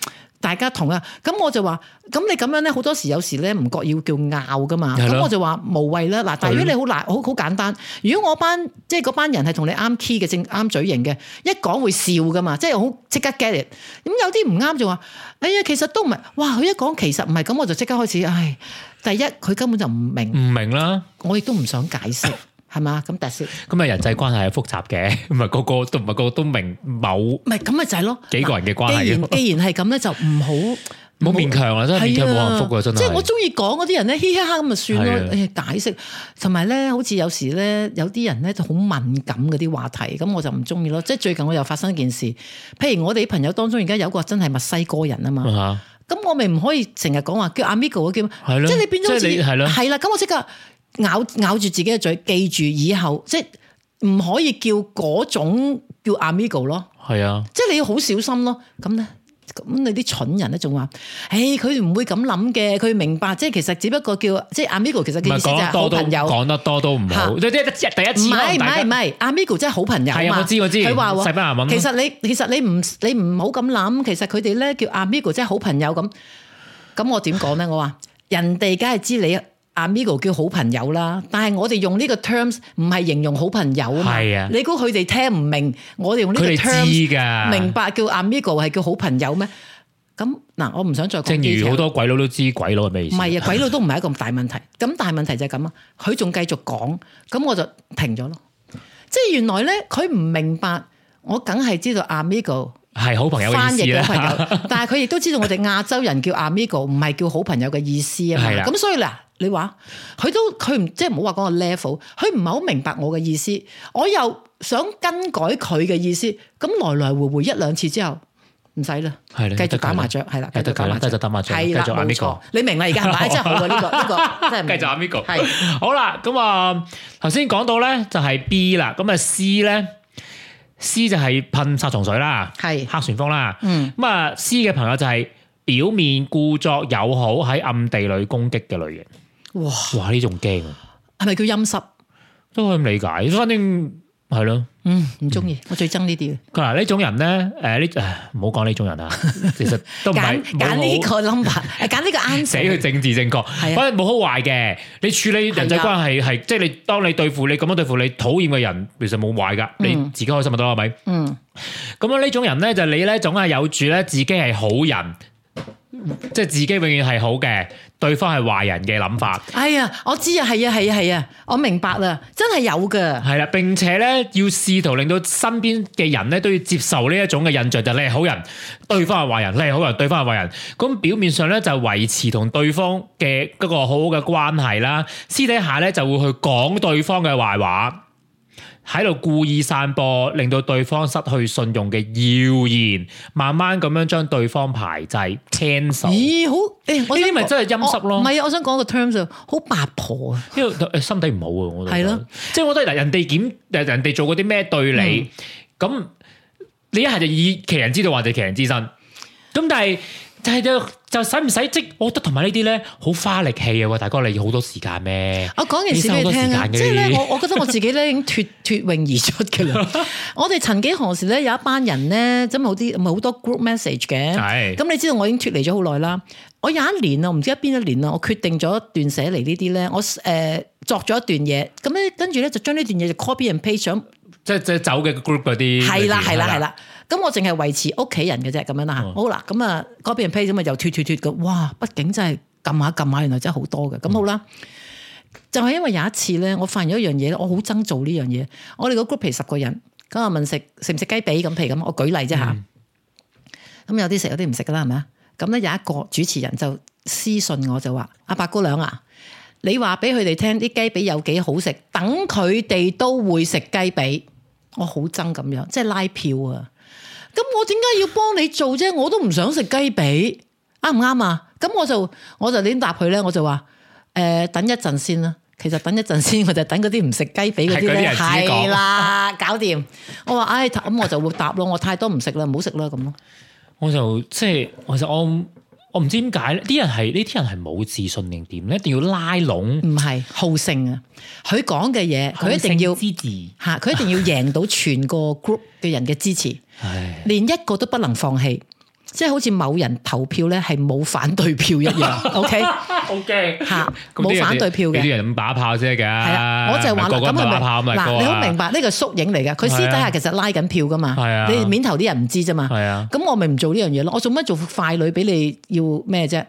大家同啊，咁我就話，咁你咁樣咧，好多時有時咧唔覺要叫拗噶嘛，咁我就話無謂啦。嗱，如果你好難好好簡單，如果我班即係嗰班人係同你啱 key 嘅，正啱嘴型嘅，一講會笑噶嘛，即係好即刻 get it。咁有啲唔啱就話，哎呀，其實都唔係，哇！佢一講其實唔係咁，我就即刻開始，唉，第一佢根本就唔明，唔明啦，我亦都唔想解釋。 係嘛咁特殊？咁啊，人際關係係複雜嘅，唔係個個,個個都唔係個個都明某。唔係咁咪就係咯，幾個人嘅關係。既然既然係咁咧，就唔好唔好勉強啦，真係勉強冇幸福嘅、啊、真係。即係我中意講嗰啲人咧，嘻嘻哈咁咪算咯。啊、解釋同埋咧，好似有時咧，有啲人咧就好敏感嗰啲話題，咁我就唔中意咯。即係最近我又發生一件事，譬如我哋朋友當中而家有個真係墨西哥人啊嘛，咁、啊、我咪唔可以成日講話叫 Amigo 叫，啊、即係你變咗似係啦，咁、就係啊啊、我即刻。咬咬住自己嘅嘴，記住以後即係唔可以叫嗰種叫 Amigo 咯，係啊，即係你要好小心咯。咁咧，咁你啲蠢人咧仲話，誒佢唔會咁諗嘅，佢明白即係其實只不過叫即係 Amigo，其實意思就係好朋友。講得多都唔好，即、啊、係第一次。唔係唔係唔係，Amigo 真係好、啊、好朋友。係啊，我知我知。佢話西班牙文，其實你其實你唔你唔好咁諗，其實佢哋咧叫 Amigo 真係好朋友咁。咁我點講咧？我話人哋梗係知你。Amigo 叫好朋友啦，但係我哋用呢個 terms 唔係形容好朋友啊嘛。你估佢哋聽唔明？我哋用呢個 terms，明白叫 Amigo 係叫好朋友咩？咁嗱，我唔想再講。正如好多鬼佬都知鬼佬係咩意思。唔係啊，鬼佬都唔係一個大問題。咁但係問題就係咁啊，佢仲繼續講，咁我就停咗咯。即係原來咧，佢唔明白，我梗係知道 Amigo 係好朋友，翻譯嘅朋友。但係佢亦都知道我哋亞洲人叫 Amigo 唔係叫好朋友嘅意思啊嘛。咁所以嗱。你話佢都佢唔即係唔好話講個 level，佢唔係好明白我嘅意思，我又想更改佢嘅意思，咁來來回回一兩次之後唔使啦，係啦，繼續打麻雀，係啦，繼續打，繼續打麻雀，係啦，冇錯，你明啦，而家係咪？真係好過呢個呢個，繼續阿 Miko 好啦，咁啊頭先講到咧就係 B 啦，咁啊 C 咧 C 就係噴殺蟲水啦，係黑旋風啦，嗯，咁啊 C 嘅朋友就係表面故作友好，喺暗地裏攻擊嘅類型。哇！哇！呢種驚啊，係咪叫陰濕？都可以咁理解，反正係咯。嗯，唔中意，我最憎呢啲。嗱呢種人咧，誒呢誒，唔好講呢種人啊。 其實都唔係揀呢個 number，揀呢個啱，n 死佢政治正確，反正冇好壞嘅。你處理人際關係係即係你當你對付你咁樣對付你討厭嘅人，其實冇壞噶，你自己開心咪得啦，係咪？嗯。咁樣呢種人咧就係，你咧總係有住咧自己係好人。即係自己永遠係好嘅，對方係壞人嘅諗法。哎呀，我知啊，係啊，係啊，係啊，我明白啦，真係有噶。係啦，並且咧要試圖令到身邊嘅人咧都要接受呢一種嘅印象，就你係好人，對方係壞人；你係好人，對方係壞人。咁表面上咧就維持同對方嘅嗰個好好嘅關係啦，私底下咧就會去講對方嘅壞話。喺度故意散播令到對方失去信用嘅謠言，慢慢咁樣將對方排擠、cancel 咦，好，呢啲咪真係陰濕咯？唔係啊，我想講個 terms 就好八婆啊，因為、哎、心底唔好啊，我係咯，即係我覺得嗱，人哋檢誒人哋做過啲咩對你，咁、嗯、你一係就以其人之道或者其人之身，咁但係就係、是、就。就使唔使即？我覺得同埋呢啲咧，好花力氣啊。大哥，你要好多時間咩？我講件事俾你聽啊，即係咧，我我覺得我自己咧已經脱脱穎而出嘅啦。 我哋曾幾何時咧有一班人咧，真係好啲唔係好多 group message 嘅，咁、嗯、你知道我已經脱離咗好耐啦。我有一年啊，唔知邊一年啊，我決定咗一段寫嚟呢啲咧，我誒、呃、作咗一段嘢，咁咧跟住咧就將呢段嘢就 copy and paste 咗。即係即係走嘅 group 嗰啲係啦係啦係啦，咁我淨係維持屋企人嘅啫，咁樣啦、哦，好啦，咁啊嗰邊 pay 咁又脱脱脱嘅，哇！畢竟真係撳下撳下，原來真係好多嘅，咁好啦。嗯、就係、是、因為有一次咧，我發現咗一樣嘢，我好憎做呢樣嘢。我哋個 group 係十個人，咁啊問食食唔食雞髀咁，譬如咁，我舉例啫吓。咁、嗯、有啲食，有啲唔食噶啦，係咪啊？咁咧有一個主持人就私信我就話：阿、嗯、八、啊、姑娘啊，你話俾佢哋聽啲雞髀有幾好食，等佢哋都會食雞髀。我好憎咁樣，即係拉票啊！咁我點解要幫你做啫？我都唔想食雞髀，啱唔啱啊？咁我就我就點答佢咧？我就話誒、呃，等一陣先啦。其實等一陣先，我就等嗰啲唔食雞髀嗰啲咧，係啦， 搞掂。我話唉、咁、哎，我就會答咯。我太多唔食啦，唔好食啦，咁咯。我就即係，我就我。我唔知點解咧，啲人係呢啲人係冇自信定點咧，一定要拉攏，唔係好勝啊！佢講嘅嘢，佢一定要支持吓，佢一定要贏到全個 group 嘅人嘅支持， 連一個都不能放棄。即係好似某人投票咧，係冇反對票一樣，OK OK 嚇，冇反對票嘅，呢啲人咁打炮啫，得㗎。係啦，我就玩咁佢咪打炮咪嗱，你好明白呢個縮影嚟㗎，佢私底下其實拉緊票㗎嘛。係啊，你面頭啲人唔知啫嘛。係啊，咁我咪唔做呢樣嘢咯。我做乜做快女俾你要咩啫？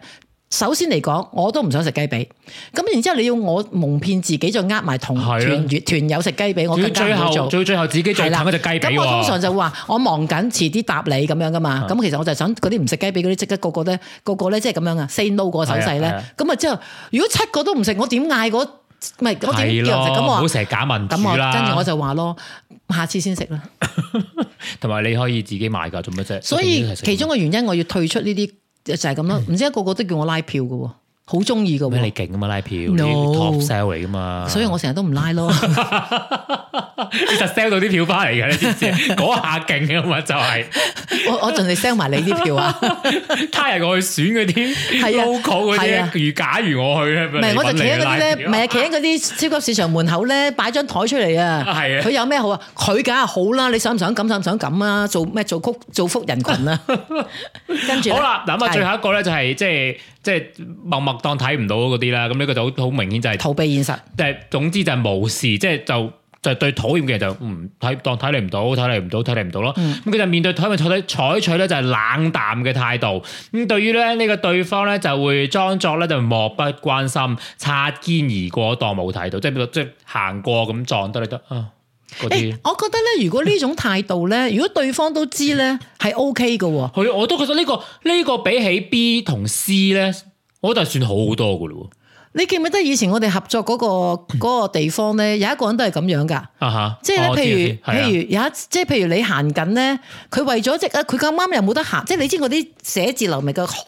首先嚟講，我都唔想食雞髀。咁然之後，你要我蒙騙自己，再呃埋同團團友食雞髀，我更加唔做。最後，做。最後自己再隻雞髀。咁我通常就會話，我忙緊，遲啲答你咁樣噶嘛。咁其實我就想嗰啲唔食雞髀嗰啲，即刻、那個個咧，那個個咧即係咁樣啊 say no 個手勢咧。咁啊之後，如果七個都唔食，我點嗌、那個、我咪我點叫食？咁我唔好成日假民主啦。我跟住我就話咯，下次先食啦。同 埋你可以自己買噶，做乜啫？所以其中嘅原因，我要退出呢啲。就就係咁咯，唔、嗯、知個個都叫我拉票嘅喎。好中意噶喎！你勁啊嘛，拉票啲 top sell 嚟噶嘛，所以我成日都唔拉咯 你實。你 sell 到啲票翻嚟嘅，嗰 下勁啊嘛， 就係我我盡量 sell 埋你啲票啊 他日我去選嗰啲，係 啊 local 嗰啲。如假如我去咧，唔係、啊、我就企喺嗰啲咧，唔係企喺嗰啲超級市場門口咧，擺張台出嚟啊。啊，佢有咩好啊？佢梗係好啦。你想唔想咁？想唔想咁啊？做咩？做曲？造福人群啊？ 跟住好啦。諗下最後一個咧、就是，就係即係。即、就、係、是、默默當睇唔到嗰啲啦，咁呢個就好好明顯就係、是、逃避現實，即、就、係、是、總之就係無視，即係就是、就，就對討厭嘅人就唔睇、嗯、當睇嚟唔到，睇嚟唔到，睇嚟唔到咯。咁、嗯、佢就面對討厭採取咧就係冷淡嘅態度，咁對於咧呢、這個對方咧就會裝作咧就漠不關心，擦肩而過當冇睇到，即係即係行過咁撞得你得啊。誒、欸，我覺得咧，如果種態呢種態度咧， 如果對方都知咧，係 OK 嘅。佢、嗯、我都覺得呢、這個呢、這個比起 B 同 C 咧，我覺得係算好好多噶啦。你記唔記得以前我哋合作嗰、那個嗰、嗯、地方咧，有一個人都係咁樣噶，即、啊、係、哦、譬如譬如、啊、有一即係譬如你行緊咧，佢為咗即係佢咁啱又冇得行，即係你知嗰啲寫字樓咪個巷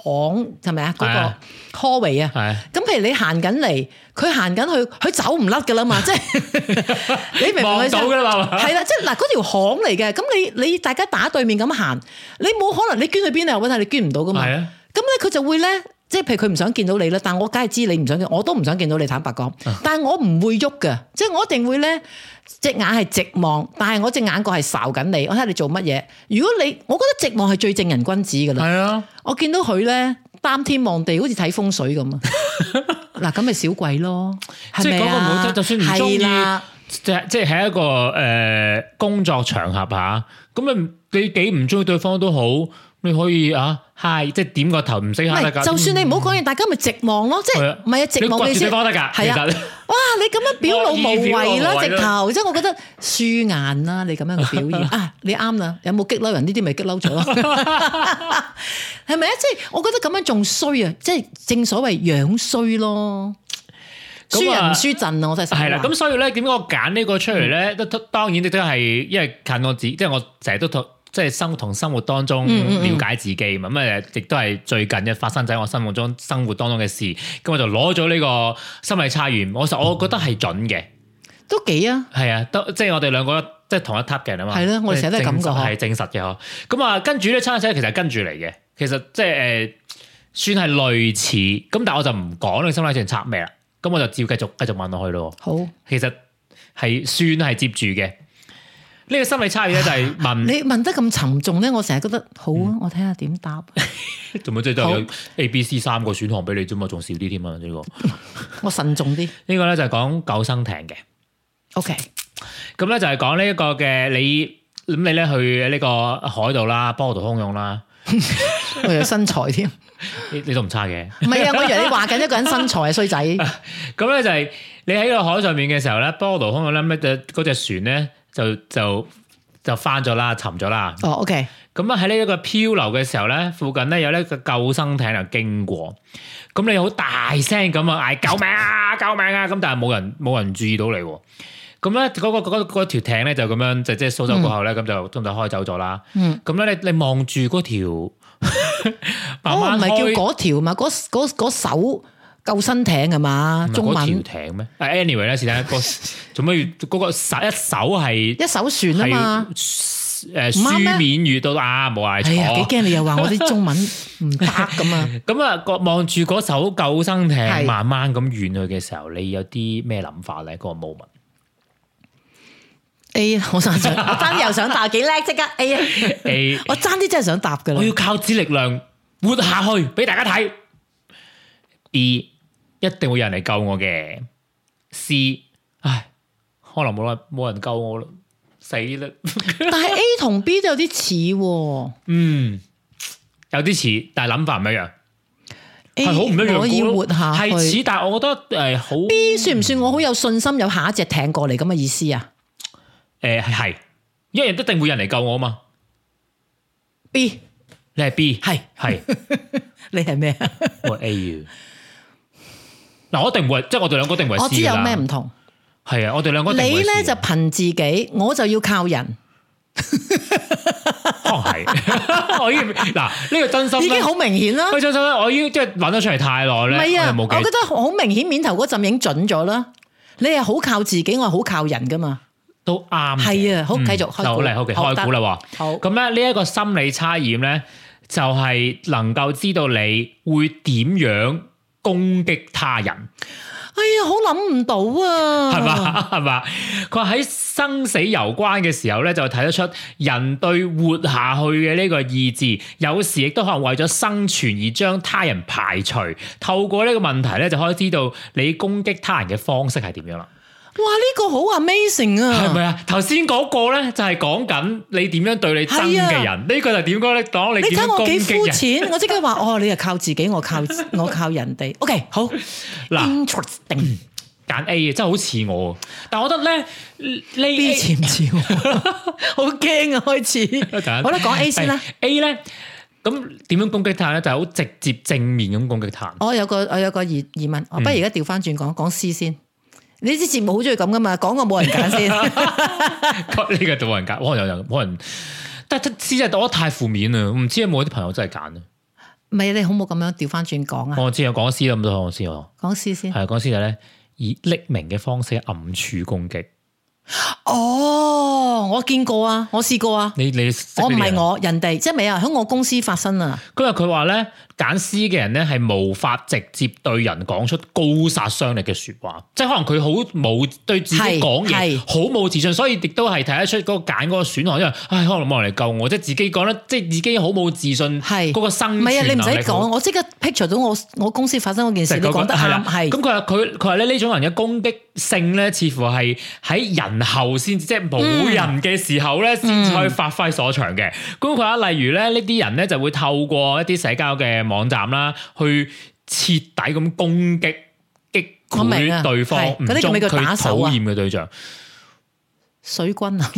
係咪啊？嗰個 cover 啊，咁譬如你行緊嚟，佢行緊去，佢走唔甩噶啦嘛，啊、即係 你望咗噶啦，係啦，即係嗱嗰條巷嚟嘅，咁你你大家打對面咁行，你冇可能你捐去邊啊？我睇你捐唔到噶嘛，咁咧佢就會咧。即係譬如佢唔想見到你啦，但我梗係知你唔想見你，我都唔想見到你。坦白講，但係我唔會喐㗎。即係我一定會咧，隻眼係直望，但係我隻眼角係睄緊你，我睇你做乜嘢。如果你我覺得直望係最正人君子噶啦，係啊，我見到佢咧，擔天望地，好似睇風水咁 啊。嗱，咁咪小鬼咯，即係講個唔好聽，就算唔中意，即係、啊、即係喺一個誒工作場合吓，咁你幾唔中意對方都好，你可以啊。係，即係點個頭唔適合，就算你唔好講嘢，大家咪直望咯，即係唔係啊？直望嚟先，係啊！哇，你咁樣表露無遺啦，直頭，即係我覺得輸眼啦，你咁樣嘅表現啊，你啱啦、 啊，有冇激嬲人？呢啲咪激嬲咗咯？係咪啊？即係我覺得咁樣仲衰啊！即係正所謂樣衰咯，輸人唔輸陣啊！我真係係啦，咁所以咧，點解我揀呢個出嚟咧？都當然你都係，因為近我字，即係我成日都即係生活同生活當中了解自己嘛，咁啊亦都係最近嘅發生喺我心目中生活當中嘅事，咁我就攞咗呢個心理測驗，我我覺得係準嘅、嗯，都幾啊，係啊，都即係我哋兩個即係同一 part 嘅、嗯、啊嘛，係咯，我成日都咁講，係證實嘅。咁啊，是的啊，跟住呢餐食咧，其實跟住嚟嘅，其實即係誒算係類似，咁但係我就唔講你心理測驗測咩啦，咁我就照要繼續繼續問落去咯，好，其實係算係接住嘅。呢、這個心理差異咧就係問你問得咁沉重咧，我成日覺得好、嗯、聽聽怎麼 點點啊，我睇下點答。仲冇最多有 A、B、C 三個選項俾你啫嘛，仲少啲添啊呢個。我慎重啲。呢、這個咧就係講救生艇嘅。OK，咁咧就係講呢一個嘅你咁你咧去呢個海度啦，波濤洶湧啦， 我有身材添 你都唔差嘅。唔係啊，我以為你話緊一個人身材衰仔。咁 咧就係你喺個海上面嘅時候咧，波濤洶湧啦，咩嘅隻船咧？就就就翻咗啦，沉咗啦。哦，OK。咁啊喺呢一個漂流嘅時候咧，附近咧有呢個救生艇啊經過。咁你好大聲咁啊嗌救命啊救命啊！咁、啊、但係冇人冇人注意到你。咁咧嗰個條、嗰個嗰個嗰個、艇咧就咁樣即即掃走過後咧，咁就中就開走咗啦。咁、嗯、咧你你望住嗰條，我唔係叫嗰條嘛，嗰手。救生艇係嘛？中文？唔係嗰條艇咩？誒，anyway 咧，是但一個做乜嘢？嗰個手一手係一手船啊嘛。誒，書面語到啊，冇挨坐。係啊，幾驚你又話我啲中文唔得咁啊？咁啊，望住嗰艘救生艇慢慢咁遠去嘅時候，你有啲咩諗法咧？嗰個 moment？A，我想我爭啲又想答，幾叻即刻 A。A，我爭啲真係想答嘅。我要靠自力量活下去，俾大家睇。B。一定會有人嚟救我嘅，C，唉，可能冇人冇人救我啦，死啦！ 但係 A 同 B 都有啲似、哦，嗯，有啲似，但係諗法唔一樣。A 係好唔一樣咯，係似，但係我覺得誒、呃、好。B 算唔算我好有信心、嗯、有下一隻艇過嚟咁嘅意思啊？誒、呃、係，因為一定會有人嚟救我嘛。B，你係 B，係係，你係咩 啊？我 A U。嗱，我定位，即係我哋兩個定位。我知道有咩唔同。係啊，我哋兩個定位。你咧就憑自己，我就要靠人。可能係，是 我依嗱呢個真心呢已經好明顯啦。佢真心呢，我已經即係玩得出嚟太耐咧，冇冇、啊。我覺得好明顯面頭嗰陣影准咗啦。你係好靠自己，我係好靠人噶嘛。都啱。係啊，好繼續開估啦，好嚟，好嘅，開估啦。好。咁咧呢一個心理差異咧，就係、是、能夠知道你會點樣。攻擊他人，哎呀，好諗唔到啊，係嘛，係嘛。佢話喺生死攸關嘅時候咧，就睇得出人對活下去嘅呢個意志，有時亦都可能為咗生存而將他人排除。透過呢個問題咧，就可以知道你攻擊他人嘅方式係點樣啦。哇！呢、這個好 amazing 啊！係咪啊？頭先嗰個咧就係講緊你點樣對你憎嘅人呢？是啊這個就點講咧？講你點樣攻擊嘅？你睇我幾膚淺？ 我即刻話 哦，你係靠自己，我靠我靠人哋。OK，好。嗱，interesting，揀 A 啊，真係好似我。但係我覺得咧呢啲似唔似我？ 好驚啊！開始，我啦，講 A 先啦。A 咧咁點樣攻擊他咧？就係、是、好直接正面咁攻擊他。我有個我有個疑疑問，我不如而家調翻轉講講 C 先。你之前冇好中意咁噶嘛？講過冇人揀先，呢個冇人揀，我有人冇 人，人，人。但係私人我太負面啦，唔知有冇啲朋友真係揀咧。唔係你好冇咁樣調翻轉講啊？我之前講私咁多，我先講私先。係講私咧，講以匿名嘅方式暗處攻擊。哦、oh，我見過啊，我試過啊。你你我唔係我，人哋即係未啊？喺、就是、我公司發生啊。今日佢話咧。揀 C 嘅人咧係無法直接對人講出高殺傷力嘅說話，即係可能佢好冇對自己講嘢，好冇自信，所以亦都係睇得出嗰揀嗰個選項，因為唉可能冇人嚟救我，即係自己講得即係自己好冇自信，係嗰、那個生命，唔係啊，你唔使講，我即刻 picture 到我我公司發生嗰件事、就是那個，你講得係係。咁佢話佢佢話咧呢種人嘅攻擊性咧，似乎係喺人後先、嗯，即係冇人嘅時候咧先可以發揮所長嘅。咁佢話，例如咧呢啲人咧就會透過一啲社交嘅。網站啦，去徹底咁攻擊、激怒對方，唔中意佢討厭嘅對象。水軍啊，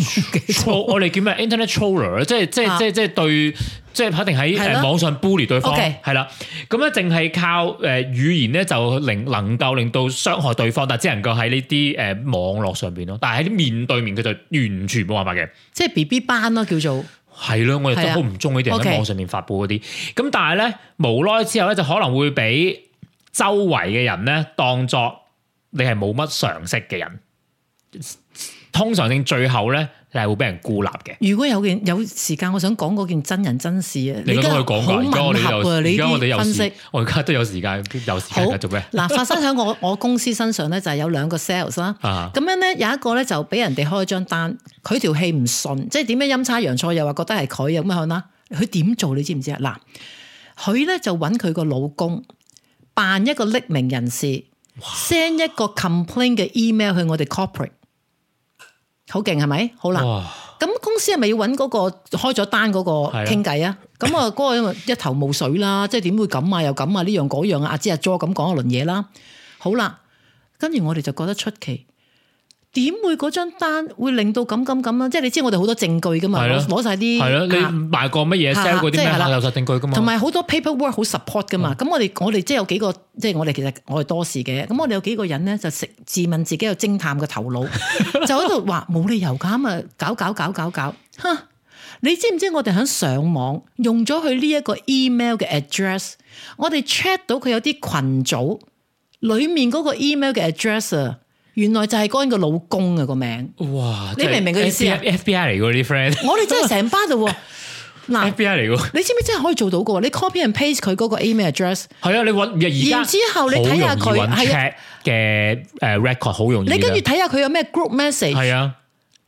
我我哋叫咩？Internet troll，即係即係即係即係對，即係肯定喺誒網上 bully 對方，係、okay, 啦。咁咧淨係靠誒語言咧就令能夠令到傷害對方，但係只能夠喺呢啲誒網絡上邊咯。但係喺面對面佢就完全冇辦法嘅。即係 B B 班咯，叫做。係囉，我亦都好唔中意啲人喺網上面發布嗰啲。咁、okay. 但係咧，無奈之後咧，就可能會俾周圍嘅人咧當作你係冇乜常識嘅人。通常性最後咧。係會俾人孤立嘅。如果有件有時間，我想講嗰件真人真事啊。你都可以講。而家好吻合噶，而家我哋有分析，我而家都有時間，有時間做咩？嗱、啊，發生喺我我公司身上咧，就係、是、有兩個 sales 啦。咁 樣咧，有一個咧就俾人哋開張單，佢條氣唔順，即係點樣陰差陽錯又話覺得係佢咁樣啦。佢點做你知唔知啊？嗱，佢咧就揾佢個老公扮一個匿名人士，send 一個 complain 嘅 email 去我哋 corporate。好勁係咪？好啦，咁、哦、公司係咪要搵嗰個開咗單嗰個傾偈啊？咁啊，嗰個一頭霧水啦， 即係點會咁啊？又咁啊？呢樣嗰樣啊？阿支阿左咁講一輪嘢啦。好啦，跟住我哋就覺得出奇，點會嗰張單會令到咁咁咁啦？即係你知我哋好多證據噶嘛？係咯、啊，攞晒啲，係咯、啊，你賣過乜嘢？sell 過啲咩？有晒證據噶嘛？同埋好多 paperwork 好 support 噶嘛？咁、啊、我哋我哋即係有幾個，即係我哋其實我哋多事嘅。咁我哋有幾個人咧就食自問自己有偵探嘅頭腦， 就喺度話冇理由噶咁啊！搞搞搞搞搞，哼！你知唔知我哋喺上網用咗佢呢一個 email 嘅 address，我哋 check 到佢有啲群組裏面嗰個 email 嘅 address。原來就係嗰人個老公啊，個名，哇就是、FBI，你明唔明個意思？FBI 嚟嘅啲 friend，我哋真係成班度嗱，FBI 嚟嘅，你知唔知真係可以做到嘅？你 copy and paste 佢嗰個 email address，係啊，你揾而家你睇下佢嘅誒 record，好容易他、啊。你跟住睇下佢有咩 group message，係啊，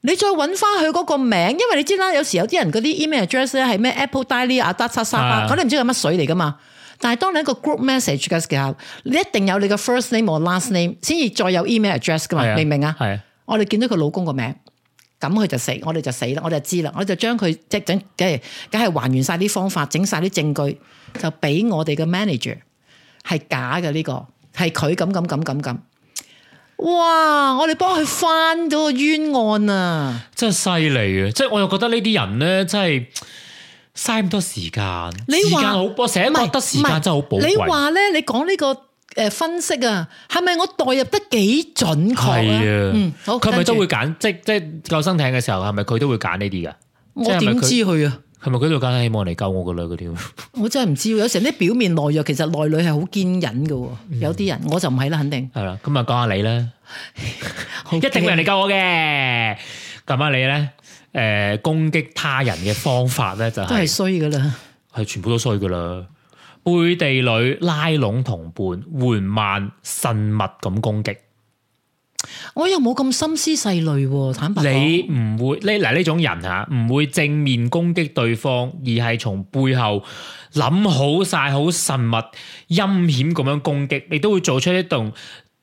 你再揾翻佢嗰個名，因為你知啦，有時有啲人嗰啲 email address 咧係咩 Apple Diary 啊、d a r 啊。叉沙唔知係乜水嚟噶嘛。啊啊啊啊啊啊啊啊但係當你一個 group message 嘅時候，你一定有你嘅 first name 或 last name，先至再有 email address 噶嘛，啊？明唔明啊？係，我哋見到佢老公個名，咁佢就死，我哋就死啦，我哋就知啦，我就將佢即係整，即梗係還原晒啲方法，整晒啲證據，就俾我哋嘅 manager 係假嘅呢個，係佢咁咁咁咁咁。哇！我哋幫佢翻咗個冤案啊！真係犀利啊！即係我又覺得呢啲人咧，真係。嘥咁多時間，時間好，我成日覺得時間真係好寶貴。你話咧，你講呢個誒分析啊，係咪我代入得幾準確咧？係啊，佢咪都會揀，即即救生艇嘅時候，係咪佢都會揀呢啲㗎？我點知佢啊？係咪佢會揀希望嚟救我嘅女嗰啲？我真係唔知喎，有時啲表面懦弱，其實內裏係好堅忍嘅。有啲人我就唔係啦，肯定係啦。咁啊，講下你咧，一定有人嚟救我嘅。咁啊，你咧？誒、呃，攻擊他人嘅方法咧就係、是、都係衰噶啦，係全部都衰噶啦。背地裏拉攏同伴，緩慢、慎密咁攻擊。我又冇咁心思細慮、啊，坦白講，你唔會呢？嗱呢種人吓，唔會正面攻擊對方，而係從背後諗好晒，好慎密、陰險咁樣攻擊，你都會做出一動。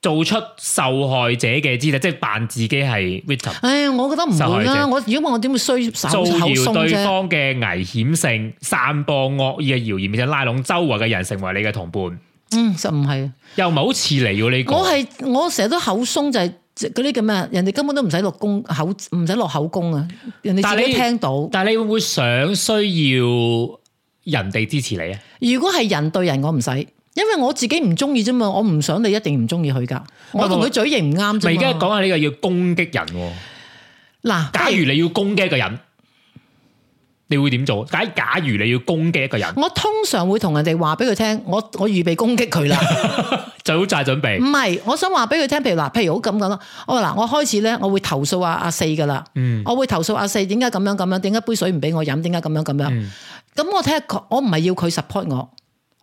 做出受害者嘅姿態，即係扮自己係 victim 哎呀，我覺得唔會啦、啊。我如果問我點會衰，手就口鬆，造謠對方嘅危險性，散播惡意嘅謠言，而且拉攏周圍嘅人成為你嘅同伴。嗯，實唔係，又唔係好似嚟喎你個。我係我成日都口鬆、就是，就係嗰啲咁啊，人哋根本都唔使落供口，唔使落口供啊，人哋自己聽到。但係你，但你會，唔會想需要人哋支持你啊？如果係人對人，我唔使。因為我自己唔中意啫嘛，我唔想你一定唔中意佢噶。我同佢嘴型唔啱啫。咪而家講下呢個要攻擊人。嗱、啊，假如你要攻擊一個人，你會點做？假如假如你要攻擊一個人，我通常會同人哋話俾佢聽，我我預備攻擊佢啦，好晒準備。唔係，我想話俾佢聽，譬如嗱，譬如好咁講咯，我話嗱，我開始咧，我會投訴阿阿四噶啦。嗯、我會投訴阿四，點解咁樣咁樣？點解杯水唔俾我飲？點解咁樣咁樣？咁、嗯、我睇下佢，我唔係要佢 support 我。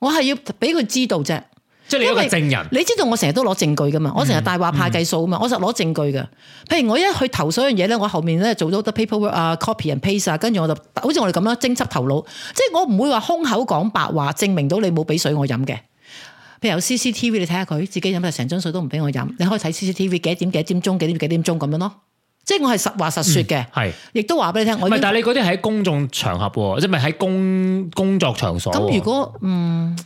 我係要俾佢知道啫，即係你係個證人，你知道我成日都攞證據噶嘛、嗯，我成日大話怕計數啊嘛，我實攞證據噶。譬如我一去投訴樣嘢咧，我後面咧做咗啲 paperwork 啊，copy and paste 啊，跟住我就好似我哋咁樣偵緝頭腦，即係我唔會話空口講白話，證明到你冇俾水我飲嘅。譬如有 CCTV，你睇下佢自己飲晒成樽水都唔俾我飲，你可以睇 CCTV 幾點幾點鐘幾點幾點鐘咁樣咯。即係我係實話實說嘅，亦、嗯、都話俾你聽。唔係，但係你嗰啲喺公眾場合，即係咪喺工工作場所？咁如果嗯，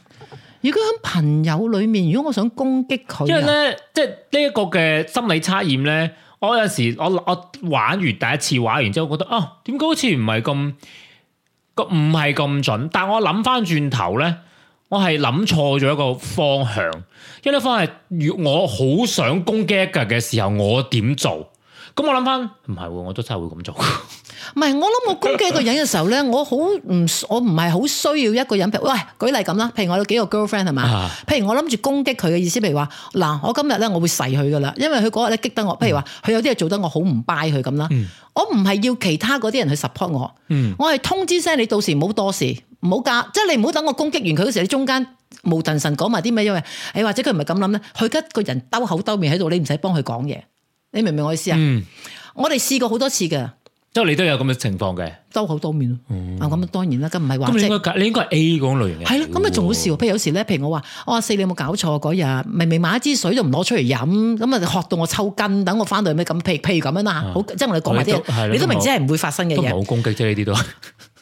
如果喺朋友裏面，如果我想攻擊佢，因為咧，即係呢一個嘅心理測驗咧，我有陣時候我我玩完第一次玩完之後我覺得啊，點解好似唔係咁個唔係咁準？但係我諗翻轉頭咧，我係諗錯咗一個方向，因為方向如我好想攻擊一個人嘅時候，我點做？咁我諗翻，唔係，我都真係會咁做。唔係，我諗我攻擊一個人嘅時候咧，我好唔，我唔係好需要一個人。譬如，喂、哎，舉例咁啦，譬如我有幾個 girlfriend 係嘛，啊、譬如我諗住攻擊佢嘅意思，譬如話，嗱，我今日咧我會噬佢噶啦，因為佢嗰日咧激得我。譬如話，佢有啲嘢做得我好唔 buy 佢咁啦，嗯、我唔係要其他嗰啲人去 support 我，嗯、我係通知聲你，到時唔好多事，唔好加，即係你唔好等我攻擊完佢嗰時，你中間無神神講埋啲咩，因為誒或者佢唔係咁諗咧，佢而家個人兜口兜面喺度，你唔使幫佢講嘢。你明唔明我意思啊？嗯，我哋試過好多次嘅，即係你都有咁嘅情況嘅，都好多面。哦、嗯，咁啊，當然啦，咁唔係話即係你應該 A 嗰種類型。係咯、啊，咁啊仲好笑，譬如有時咧，譬如我話我話四，你有冇搞錯？嗰日明明買一支水就唔攞出嚟飲，咁啊就學到我抽筋，等我翻到咩咁？譬譬如咁樣，樣啊，啊，好，即、就、係、是、我哋講埋啲，你都、啊、明知係唔會發生嘅嘢。都冇攻擊啫，呢啲都。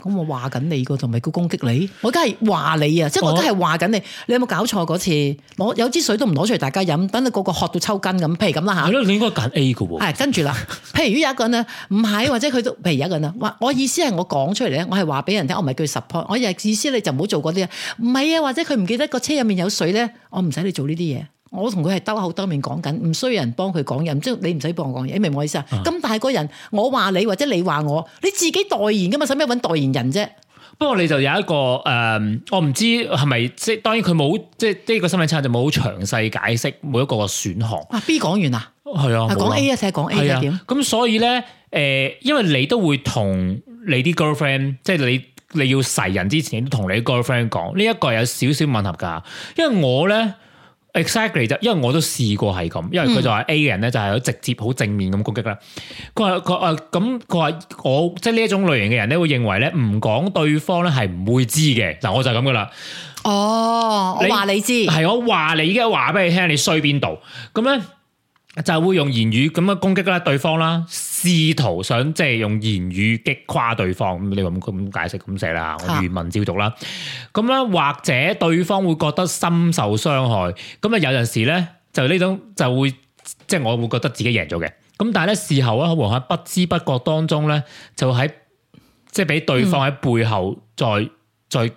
咁我話緊你同埋佢攻擊你，我梗係話你啊、哦，即係我都係話緊你。你有冇搞錯？嗰次我有支水都唔攞出嚟大家飲，等你個個渴到抽筋咁？譬如咁啦吓，你應該揀 A 噶喎。係跟住啦，譬如如果有一個人唔係， 或者佢都譬如有一個人，我我意思係我講出嚟咧，我係話俾人聽，我唔係叫你 support。我意思你就唔好做嗰啲啊。唔係啊，或者佢唔記得個車入面有水咧，我唔使你做呢啲嘢。我同佢係兜口兜面講緊，唔需要人幫佢講嘢，唔知你唔使幫我講嘢，你明我意思啊？咁大個人，我話你或者你話我，你自己代言噶嘛，使咩揾代言人啫？不過你就有一個誒、呃，我唔知係咪即係，當然佢冇即係呢、這個新聞差，就冇好詳細解釋每一個嘅選項。啊 B 講完啦，係啊，講 A 一係講 A 一點、啊。咁、啊、所以咧，誒、呃，因為你都會同你啲 girlfriend，即係你你要襲人之前，你都同你啲 girlfriend 講，呢、這個、一個有少少吻合噶。因為我咧。Exactly 就，因為我都試過係咁，因為佢就話 A 嘅人咧就係好直接、好正面咁攻擊啦。佢話佢誒咁，佢話、啊、我即係呢一種類型嘅人咧，會認為咧唔講對方咧係唔會知嘅。嗱，我就係咁噶啦。哦，我話你知，係我話你依家話俾你聽，你衰邊度？咁咧。就會用言語咁樣攻擊啦，對方啦，試圖想即係用言語擊垮對方。咁你話咁咁解釋咁寫啦，我原文照讀啦。咁、啊、咧，或者對方會覺得深受傷害。咁啊，有陣時咧，就呢種就會即係我會覺得自己贏咗嘅。咁但係咧，事後咧，可能喺不知不覺當中咧，就喺即係俾對方喺背後再、嗯、再。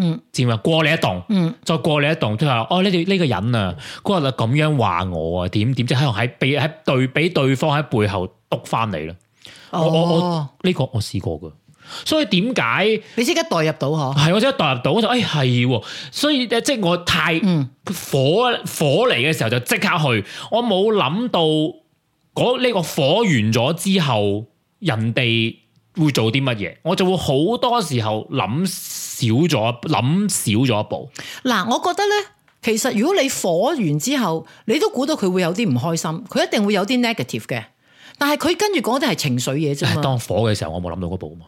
嗯，接話過你一棟嗯，再過你一棟即係哦，呢條呢個人啊，嗰日就咁樣話我啊，點點即係喺背喺對比對對方喺背後督翻你啦。哦，我呢、這個我試過噶，所以點解你即刻代入到嗬？係我即刻代入到，我就誒係，所以即係我太火火嚟嘅時候就即刻去，我冇諗到嗰呢、這個火完咗之後，人哋。會做啲乜嘢？我就會好多時候諗少咗，諗少咗一步。嗱，我覺得呢，其實如果你火完之後，你都估到佢會有啲唔開心，佢一定會有啲 negative 嘅。但係佢跟住講啲係情緒嘢啫。當火嘅時候，我冇諗到嗰步嘛。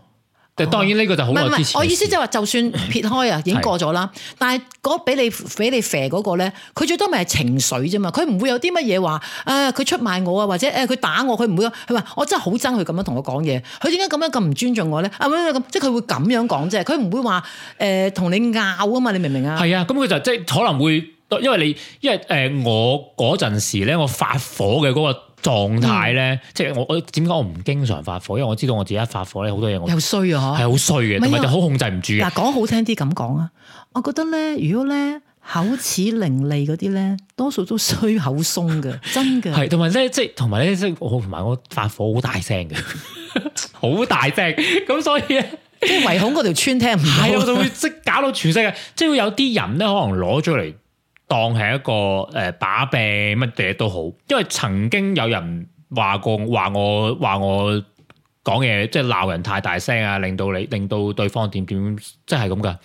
當然呢個就好耐支持。我意思即係話，就算撇開啊，已經過咗啦。是但係嗰俾你俾你射嗰個咧，佢最多咪係情緒啫嘛。佢唔會有啲乜嘢話，誒、啊、佢出賣我啊，或者誒佢、啊、打我，佢唔會咯。佢話我真係好憎佢咁樣同我講嘢，佢點解咁樣咁唔尊重我咧？啊咁，即係佢會咁樣講啫，佢唔會話誒同你拗啊嘛。你明唔明啊？係啊，咁佢就即係可能會，因為你因為誒我嗰陣時咧，我發火嘅嗰個。狀態咧、嗯，即係我我點講？我唔經常發火，因為我知道我自己一發火咧，好多嘢我又衰啊！嗬，係好衰嘅，同埋就好控制唔住嗱，講好聽啲咁講啊，我覺得咧，如果咧口齒伶俐嗰啲咧，多數都衰口鬆嘅，真嘅。係， 同埋咧，即係同埋咧，即係同埋我發火好大聲嘅，好 大聲。咁 所以咧，即係唯恐嗰條村聽唔到，係啊，我就會 即搞到全世界，即係會有啲人咧可能攞出嚟。當係一個誒、呃、把柄，乜嘢都好，因為曾經有人說過說說話過話我話我講嘢即係鬧人太大聲啊，令到你令到對方點點即係咁㗎。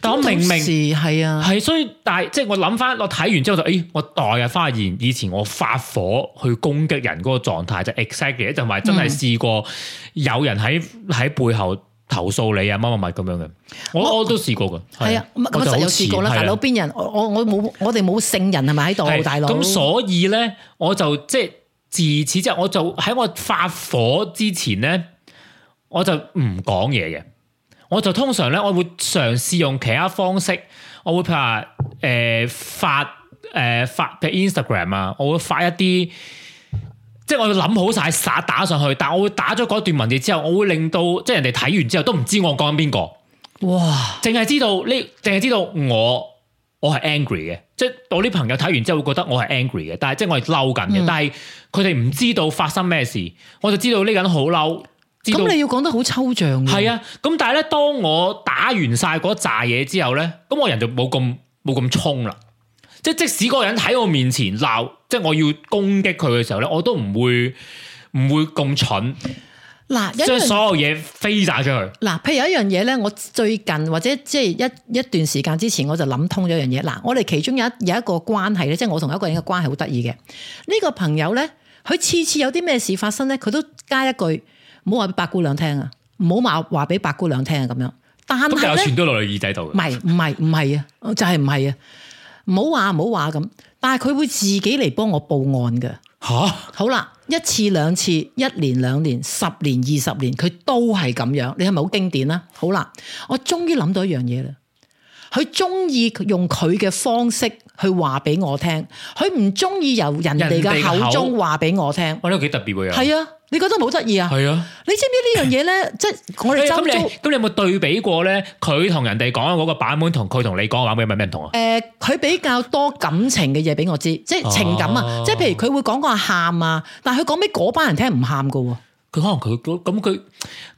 但我明明係啊係，所以但係即係我諗翻我睇完之後就誒、哎，我代啊發現以前我發火去攻擊人嗰個狀態就 exactly，同埋真係試過有人喺喺、嗯、背後。投訴你啊，乜乜乜咁樣嘅，我我，我都試過噶，係啊，咁實有試過啦。大佬邊人，我我冇，我哋冇聖人係咪喺度？大佬咁所以咧，我就即係自此之後，我就喺我發火之前咧，我就唔講嘢嘅。我就通常咧，我會嘗試用其他方式，我會譬如話誒、呃、發誒、呃、發嘅 Instagram 啊，我會發一啲。即係我要諗好晒，撒打上去，但我會打咗嗰段文字之後，我會令到即係人哋睇完之後都唔知我講緊邊個。哇！淨係知道呢，淨係知道我我係 angry 嘅，即係我啲朋友睇完之後會覺得我係 angry 嘅，但係即係我係嬲緊嘅，但係佢哋唔知道發生咩事，我就知道呢個人好嬲。咁你要講得好抽象的。係啊，咁但係咧，當我打完晒嗰扎嘢之後咧，咁我人就冇咁冇咁衝啦。即即使嗰個人喺我面前鬧，即係我要攻擊佢嘅時候咧，我都唔會唔會咁蠢，嗱，將所有嘢飛晒出去。嗱，譬如有一樣嘢咧，我最近或者即係一一段時間之前，我就諗通咗一樣嘢。嗱，我哋其中有一有一個關係咧，即係我同一個人嘅關係好得意嘅。呢個朋友咧，佢次次有啲咩事發生咧，佢都加一句：唔好話俾白姑娘聽啊，唔好話話俾白姑娘聽啊咁樣。但係咧，不有傳到落去耳仔度，唔係唔係唔係啊，就係唔係啊。唔好話，唔好話咁，但係佢會自己嚟幫我報案嘅。吓，好啦，一次兩次，一年兩年，十年二十年，佢都係咁樣。你係咪好經典呀？好啦，我終於諗到一樣嘢啦。佢中意用佢嘅方式去話俾我聽，佢唔中意由人哋嘅口中話俾我聽。我呢個幾特別喎，又係啊！你覺得冇得意啊？係啊！你知唔知這件事呢樣嘢，咧？即係我哋執咗。咁、欸、你，你有冇對比過咧？佢同人哋講嗰個版本，同佢同你講嘅版本有冇咩唔同啊？誒、呃，佢比較多感情嘅嘢俾我知，即係情感啊！啊即係譬如佢會講個喊啊，但係佢講俾嗰班人聽唔喊噶。佢可能佢咁，佢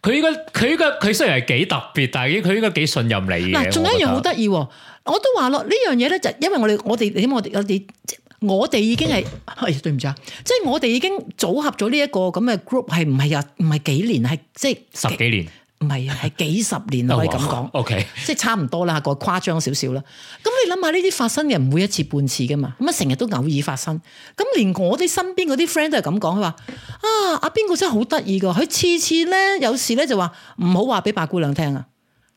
佢應該佢應該佢雖然係幾特別，但係佢應該幾信任你嘅。嗱，仲有一樣好得意，我都話咯，這件事呢樣嘢咧就是，因為我哋我哋喺我哋我哋。我我哋已經係，對唔住啊！即係我哋已經組合咗呢一個咁嘅 group，係唔係日唔係幾年，係即係十幾年，唔係係幾十年可以咁講。哦、okay，即係差唔多啦，過誇張少少啦。咁你諗下呢啲發生嘅唔會一次半次噶嘛？咁啊成日都偶爾發生。咁連我哋身邊嗰啲 friend 都係咁講，佢話啊阿邊個真係好得意噶，佢次次咧有事咧就話唔好話俾白姑娘聽啊。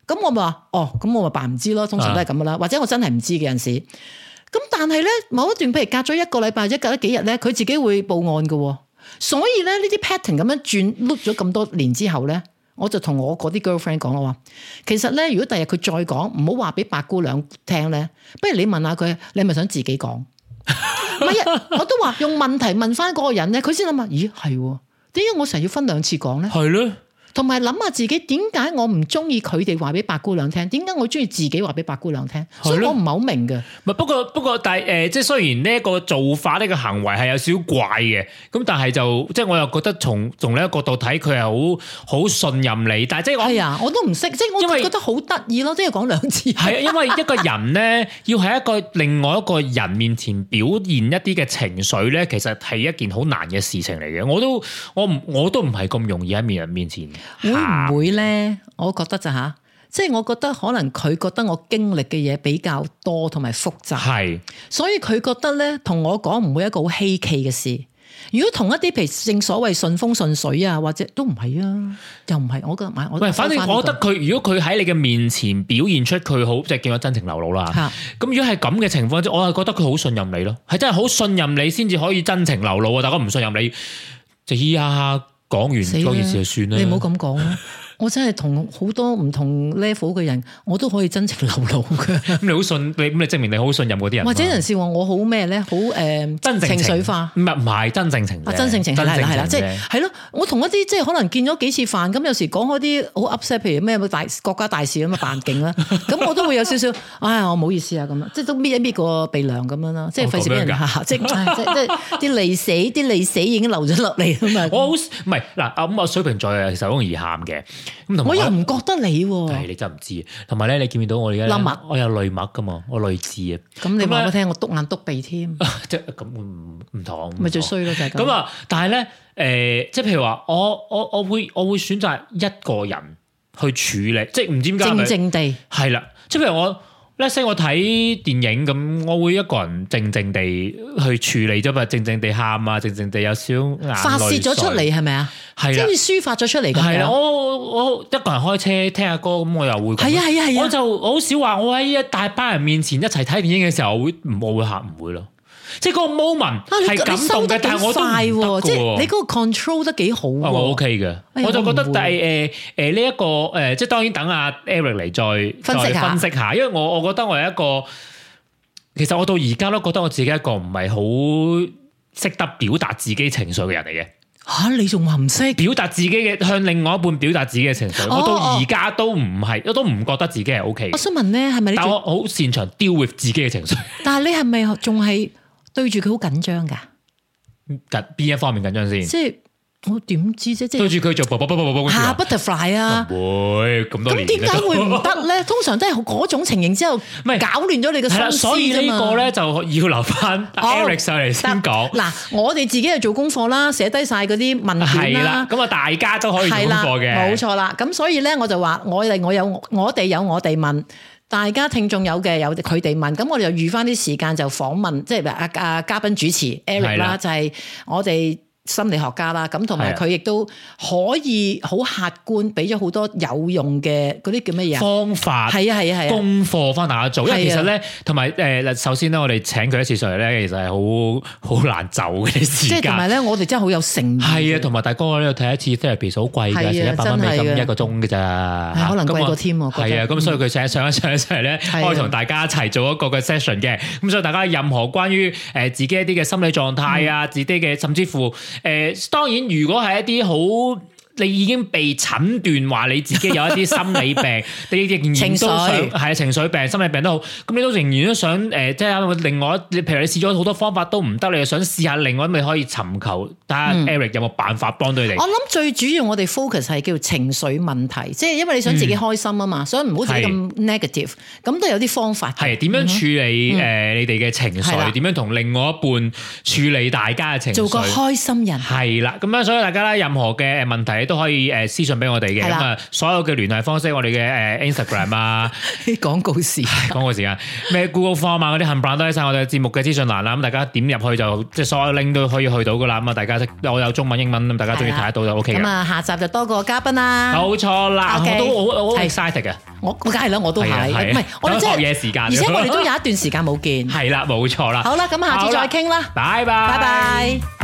咁我咪話哦，咁我咪扮唔知咯，通常都係咁噶啦，或者我真係唔知嘅有陣時。咁但係咧，某一段，譬如，隔咗一個禮拜或者隔咗幾日咧，佢自己會報案嘅喎，所以咧呢啲 pattern 咁樣轉碌咗咁多年之後咧，我就同我嗰啲 girlfriend 講喇，話其實咧，如果第日佢再講，唔好話俾白姑娘聽咧，不如你問下佢，你係咪想自己講？唔係啊，我都話用問題問翻嗰個人咧，佢先諗下，咦係？點解我成日要分兩次講咧？係咧。同埋諗下自己點解我唔中意佢哋話俾白姑娘聽，點解我中意自己話俾白姑娘聽？所以我唔係好明嘅。唔係不過不過，但係誒，即、呃、係雖然呢一個做法、呢、呢個行為係有少少怪嘅，咁但係就即係我又覺得從從呢個角度睇，佢係好好信任你。但係即係我係啊，我都唔識，即係我，我覺得好得意咯，即要講兩次。係啊，因為一個人咧， 要喺一個另外一個人面前表現一啲嘅情緒咧，其實係一件好難嘅事情嚟嘅。我都我唔我都唔係咁容易喺面人面前。會唔會咧？我覺得咋吓，即係我覺得可能佢覺得我經歷嘅嘢比較多同埋複雜，係，所以佢覺得咧，同我講唔會一個好稀奇嘅事。如果同一啲譬如正所謂順風順水啊，或者都唔係啊，又唔係。我覺得唔係我，反正我覺得佢如果佢喺你嘅面前表現出佢好，就係見到真情流露啦。咁如果係咁嘅情況，即係我係覺得佢好信任你咯，係真係好信任你先至可以真情流露啊。大家唔信任你就咦呀。講完呢件事就算啦，你唔好咁講啦。我真係同好多唔同 level 嘅人，我都可以真情流露嘅。咁你好信，你咁證明你好信任嗰啲人。或者人士話我好咩咧？好誒，真正情、呃、真正情，情緒化。唔係唔係真正情。啊，真性情啦，即係係咯。我同一啲即係可能見咗幾次飯，咁有時講開啲好 upset，譬如咩大國家大事咁嘅環境啦。咁 我都會有少少，唉，我唔好意思啊，咁啊，即係都搣一搣個鼻梁咁樣啦，即係費事俾人嚇嚇，即即係即係啲淚死，啲淚死已經流咗落嚟啊嘛。我好唔係嗱啊咁啊，我水瓶座其實好容易喊嘅。我，我又唔覺得你喎，啊，你真唔知道。同埋咧，你見唔見到我而家淚墨？我有淚墨㗎嘛，我淚痣、嗯、啊。咁你話我聽，我篤眼篤鼻添，即係咁唔唔同。咪最衰咯，就係、是、咁。咁啊，但係咧，誒、呃，即係譬如話，我我我會我會選擇一個人去處理，即係唔知點解正正地係啦。即係譬如我。Say, 我睇電影咁，我會一個人靜靜地去處理啫嘛，靜靜地喊啊，靜靜地有少少眼淚發洩咗出嚟係咪啊？係啊，即係抒發咗出嚟。係啦，我我,我一個人開車聽下歌咁，我又會。係啊係啊係啊！我就好少話，我喺一大班人面前一齊睇電影嘅時候，我會我會會喊唔會咯。即係嗰個 moment 係感動嘅、啊，但係我快即係你嗰個 control 得幾好的啊！我 OK 嘅、哎，我就覺得第誒誒呢一個誒、呃，即係當然等阿 Eric 嚟再，再分析下，分析下，因為我我覺得我係一個其實我到而家都覺得我自己一個唔係好識得表達自己情緒嘅人嚟嘅。吓、啊、你仲話唔識表達自己嘅向另外一半表達自己嘅情緒、哦？我到而家都唔係、哦，我都唔覺得自己係 OK。我想問咧，係咪你？但係我好擅長 deal with 自己嘅情緒。但係你係咪仲係？ 對住佢好緊張噶，緊邊一方面緊張先？即係我點知啫？即係對住佢做，吓 butterfly 啊！會咁多年，咁點解會唔得咧？通常都係嗰種情形，之後，唔係搞亂咗你嘅，係啦。所以呢個咧就要留翻，Eric 上嚟先講。嗱，我哋自己又做功課啦，寫低晒嗰啲文件啦。咁啊，大家都可以功課嘅，冇錯啦。咁所以咧，我就話我哋我有我哋有我哋問。大家聽眾有嘅有嘅，佢哋問，咁我哋就預返啲時間就訪問，即係阿阿嘉賓主持 Eric 啦，就係、是、我哋。心理學家啦，咁同埋佢亦都可以好客觀，俾咗好多有用嘅嗰啲叫乜嘢方法？係啊係啊係啊，功課翻大家做。啊、因為其實咧，同埋、啊呃、首先咧，我哋請佢一次上嚟咧，其實係好好難走嘅時間。即係同埋咧，我哋真係好有誠意係啊！同埋大哥度睇一次 therapy 好貴㗎，一百蚊咁一個鐘嘅咋？可能貴過添喎。係啊，咁所以佢上上一上一上嚟咧、啊，可以同大家一齊做一個嘅 session 嘅。咁所以大家任何關於自己一啲嘅心理狀態啊、嗯，自己嘅甚至乎。誒、呃，當然，如果係一啲好。你已經被診斷話你自己有一啲心理病， 你仍然都想係情，情緒病、心理病都好，咁你都仍然都想即係另外，譬如你試咗好多方法都唔得，你又想試下另外一，咪可以尋求睇下 Eric 有冇辦法幫到你。嗯、我諗最主要我哋 focus 係叫情緒問題，即、就、係、是、因為你想自己開心啊嘛、嗯，所以唔好自己咁 negative，咁都有啲方法。係點樣處理、嗯呃、你哋嘅情緒？點、啊、樣同另外一半處理大家嘅情緒？做個開心人。係啦，咁樣所以大家啦，任何嘅問題。都可以誒私信俾我哋嘅咁啊，所有嘅聯繫方式，我哋嘅誒 Instagram 啊，廣告時間，廣告時間，咩 Google Form 啊嗰啲，全部都擺曬我哋節目嘅資訊欄啦。咁大家點入去就即係所有 link 都可以去到噶啦。咁啊，大家我有中文、英文，咁大家鍾意睇得到就 OK 啦。咁啊，下集就多個嘉賓啦。冇錯啦，我都我我好 excited 嘅，我我梗係啦，我都係，唔係我哋真係學嘢時間，而且我哋都有一段時間冇見。係啦，冇錯啦。好啦，咁下次再傾啦。拜拜，拜拜。